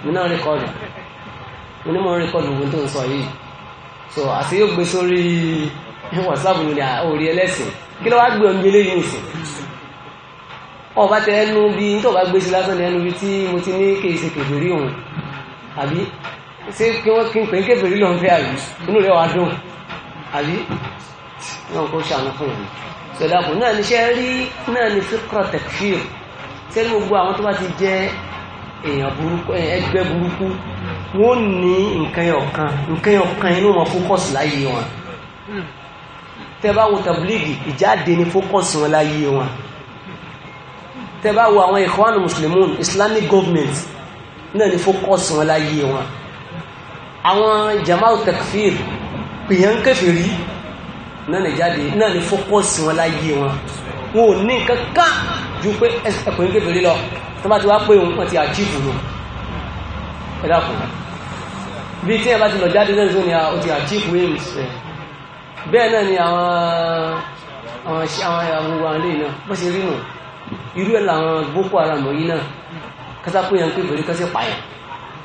mí náà rẹ̀kọ́dù onímọ̀ orí kọlù ogun tó ń sọ yìí so àti yóò gbé sórí whatsapp ní orí ẹlẹ́sìn kí ló wá gbé ọmọ ilé yìí nìsín ọba tẹ ẹnu bí tó bá gbé sí lásán ní ẹnu bí tí mo ti ní kì í ṣe kèfèrí òun àbí ṣé kí wọ́n kí n pè ń kèfèrí lọ́n fẹ́ àbí inú rẹ̀ wá dùn àbí wọn kò ṣàánú fún yìí sọdáàbò náà ní ṣe rí náà ní fíkọ́ tẹ̀kfíìr sẹ́ni gbogbo àwọn tó bá ti jẹ́ èèyàn burúkú ẹgbẹ́ burúkú wọ́n ní nǹkan ọ̀kan nǹkan ọ̀kan inú wọn fókọ̀sì láyé wọn tẹ́bá wo tàbílìgì ìjáde ní fókọ̀sì wọn láyé wọn tẹ́bá wo àwọn Ikhwanul Muslimun Islamic government náà ní fókọ̀sì wọn láyé wọn àwọn Jama'u Takfir pèyàn kèfèrí náà ní jáde náà ní fókọ̀sì wọn láyé wọn wọn ò ní kankan ju pé ẹ̀kùnrin kèfèrí lọ tọ́bá ti wá pé wọn ti àjíìbù lọ ẹ̀dá kù bí tí ẹ bá ti lọ jáde náà tó ní o ti achieve wins rẹ̀ bẹ́ẹ̀ náà ni àwọn àwọn àwọn ilé náà bó ṣe rí nù irú ẹ̀ làwọn boko haram yìí náà kásá pé yẹn ń pè bèrè kásí pààyàn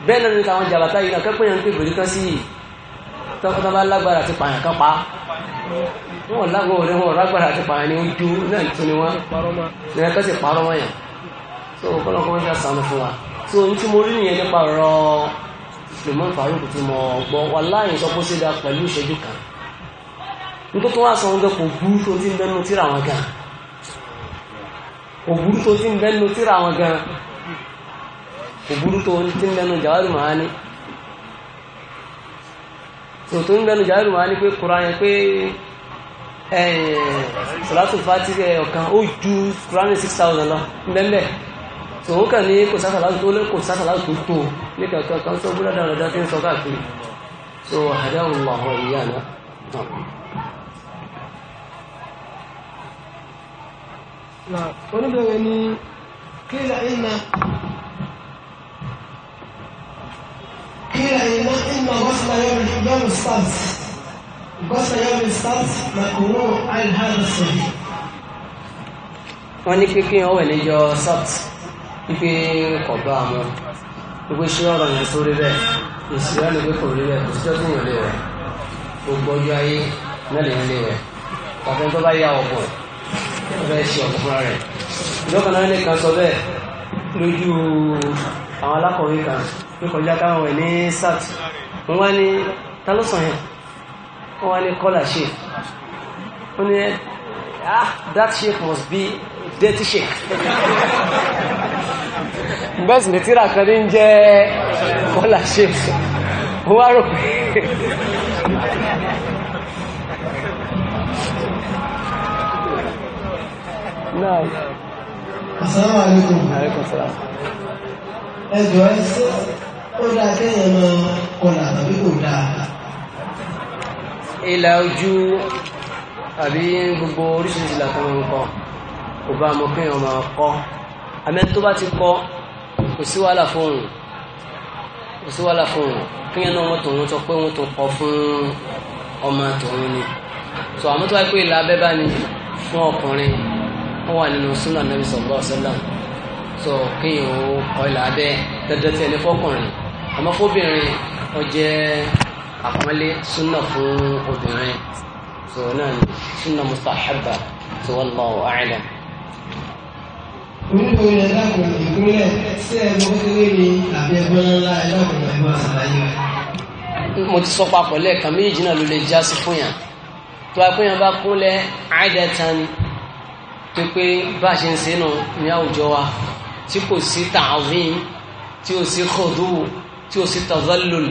bẹ́ẹ̀ náà ni táwọn jàbátá yìí náà kẹ́pẹ́ yẹn ń pè bèrè kásí tọ́kọ́tà bá lágbára ti pààyàn kan pa ni ojú náà tún ni wọn ní ẹ̀kọ́ sì parọ́ wọn yẹn tó tó ń tí mo rí nìyẹn nípa ọ̀rọ̀ Suleiman Farouk tí mo gbọ́ wà láàyè sọ pé ṣéda pẹ̀lú ìṣẹ́jú kan nítorí wọ́n sọ wọn kò burú tó ti ń bẹ́nu tíra wọn gan kò burú tó ti ń bẹ́nu tíra wọn gan kò burú tó ti ń bẹ́nu Jawahir Ma'ani tòótọ́ ń bẹ́nu Jawahir Ma'ani pé Kùránì pé eh, Salatul Fatiha ọ̀kan ó ju Kùránì six thousand lọ ń bẹ́ẹ̀ bẹ́ẹ̀ tó ó kàn ní kò sákàláwù tó lé kò sákàláwù tó tó ní kankan kan tó búrẹ́ dáadáa tí ń sọ káàkiri tó àdáhùn lọ́wọ́ ìyá náà. oníbẹ̀rẹ̀ ni kílà iná kílà iná iná gọ́sìlá yọ́mù stars gọ́sìlá yọ́mù stars makoro alhara sọ̀rọ̀ wọ́n ní pínpín ọwẹ̀ níjọ sọ́tì wípé kò bá a mú wípé ṣé ọ̀rọ̀ yẹn tó rí bẹ́ẹ̀ èsì rẹ̀ ni pé kò rí bẹ́ẹ̀ kò sí ọdún ìlú rẹ̀ gbogbo ọjọ́ ayé náà lè ń lé rẹ̀ ọ̀gbìn tó bá yá ọ̀gbìn ó fẹ́ ṣe ọ̀gbìn fúnra rẹ̀ ìjọba náà lè sọ bẹ́ẹ̀ lójú àwọn alákọ̀wé kan ní kọjá káwọn ẹ̀ ní sat wọ́n wá ní ta yẹn wọ́n wá ní kọ́là ṣe wọ́n ní ah that sheikh must be dirty sheikh bẹ́ẹ̀sì ní tíra kan ní jẹ́ bọ́lá ṣe ó wá rò pé náà Assalamu alaikum. Alaikum salam. Ẹjọ́ ẹsẹ́ ó dá kéèyàn máa kọlà tàbí kò dáa. Ìlà ojú àbí gbogbo oríṣiríṣi làtọ̀ nǹkan kò bá mọ kéèyàn máa kọ́. Àmẹ́ tó bá ti kọ́ kò sí wàhálà fún òun kò sí wàhálà fún òun kíyẹn náà wọn tòun sọ pé wọn tó kọ fún ọmọ tòun ni tó àwọn tó wáyé pé ìlà abẹ́ bá ní fún ọkùnrin wọn wà nínú súnà nàbí sọlọ sọlọ tó kíyẹn ó kọ ìlà abẹ́ dandan tí ẹni fọkùnrin àmọ́ fóbìnrin ó jẹ́ àpọ́nlé súnà fún obìnrin tó náà ní súnà mustahabba tó wallahu a'lam orúkọ yẹn dákun ìpínlẹ̀ sí ẹ̀gbọ́n kékeré ni àbí ẹ̀gbọ́n ńlá ẹ̀dákun ẹ̀gbọ́n àṣàlàyé. mo ti sọ papọ̀ lẹ́ẹ̀kan méjì náà ló lè já sí fún yàn tó a pé yàn bá kúnlẹ̀ àìdẹ́ta ni tó pé bá a ṣe ń ṣe nù ní àwùjọ wa tí kò sí tààfin tí ò sí kọ̀dú tí ò sí tazallul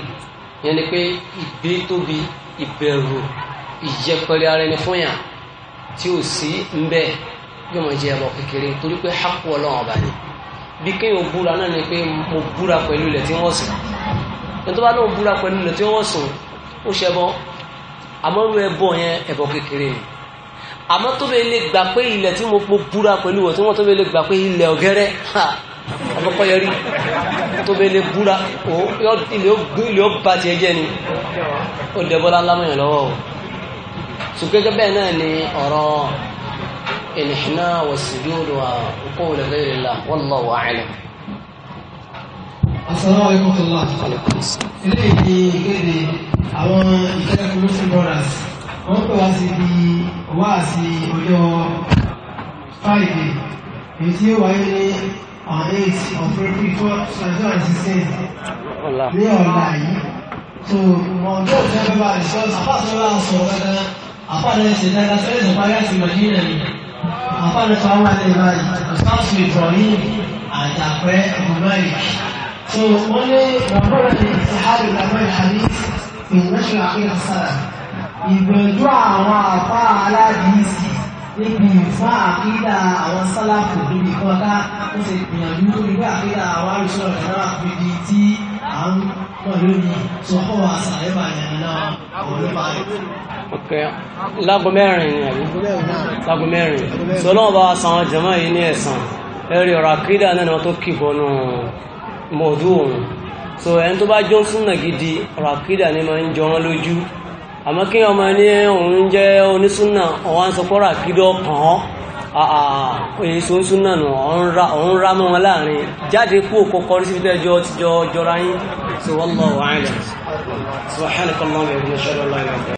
yẹn ni pé ìgbé tóbi ìbẹ̀rù ìjẹpẹrẹ ara ẹni fún yàn tí ò sí ń bẹ́ẹ̀ yóò mọ jẹ ẹbọ kékeré torí pé hákù ọlọ́run ọba ni bí kéèyàn búra náà ni pé mo búra pẹ̀lú ilẹ̀ tí wọ́n sùn ẹni tó bá lóun búra pẹ̀lú ilẹ̀ tí wọ́n sùn ó ṣẹbọ àmọ́ irú ẹbọ yẹn ẹbọ kékeré ni àmọ́ tó bẹ lè gbà pé ilẹ̀ tí mo búra pẹ̀lú wọ̀ tí wọ́n tó bẹ lè gbà pé ilẹ̀ ọ̀gẹ́rẹ́ àkọ́kọ́ yẹrí tó bẹ lè búra ilé ó bá ti ẹjẹ́ ni ó dẹ̀bọ́lá lámọ̀yàn lọ́wọ́ o ṣùgbẹ́gẹ́ bẹ́ẹ̀ náà ni ọ̀rọ̀ الإحناء والسجود وقول غير الله والله أعلم Assalamu alaikum wa rahmatullahi. Eléyìí ni ìkéde àwọn ìkẹ́kọ̀ọ́ Muslim brothers. Wọ́n pè wá sí ibi wáàsí ọjọ́ Friday. Èyí tí ó wáyé ní on eight of April four twenty and sixteen. Ní ọ̀la yìí. So, wọ́n tó fẹ́ bá a sọ, àpá àti ọ̀la sọ̀rọ̀ dáadáa. Àpá àti ọ̀la ṣe dáadáa sẹ́yìn sọ̀pá yá sí Màdínà ni àfáàlùfà wọn àti ìbáyìí ìfáàsù ìbọ̀yìn àdàpẹ́ ọmọbáyìí tó wọ́n lé ọ̀pọ̀lọpọ̀ ní ìtìhárì lọ́pọ̀ ìhàrí ìrìnàṣọ àkíyà sára ìgbẹ̀jọ́ àwọn àpá aládìísì níbi ìfún àkídà àwọn sálàfù níbi ìfọ́ká ó ti gbìyànjú níbi àkídà àwọn àrùsọ̀rọ̀ náà níbi tí عن مغربي سوحوا صاحبا لنا Okay. Lágo mẹ́rin ni àbí? Lágo mẹ́rin. Sọlọ́wọ́ bá san àwọn jẹ̀mọ́ yìí So ẹni tó bá jọ ń gidi ọ̀rọ̀ àkídà ni máa ń jọ wọ́n lójú. Àmọ́ kí ọmọ ní òun jẹ́ onísúnà, ọ̀wá ń sọ pọ́rọ̀ àkídà ọkàn èso ah, ah, ah. náà nù ọ̀hún rá mọ́ wọn ni jáde kú òkọ̀kọ́ ní síbi tẹ́jọ́ ti jọ jọra yín sí wọ́n lọ́wọ́ àìlẹ̀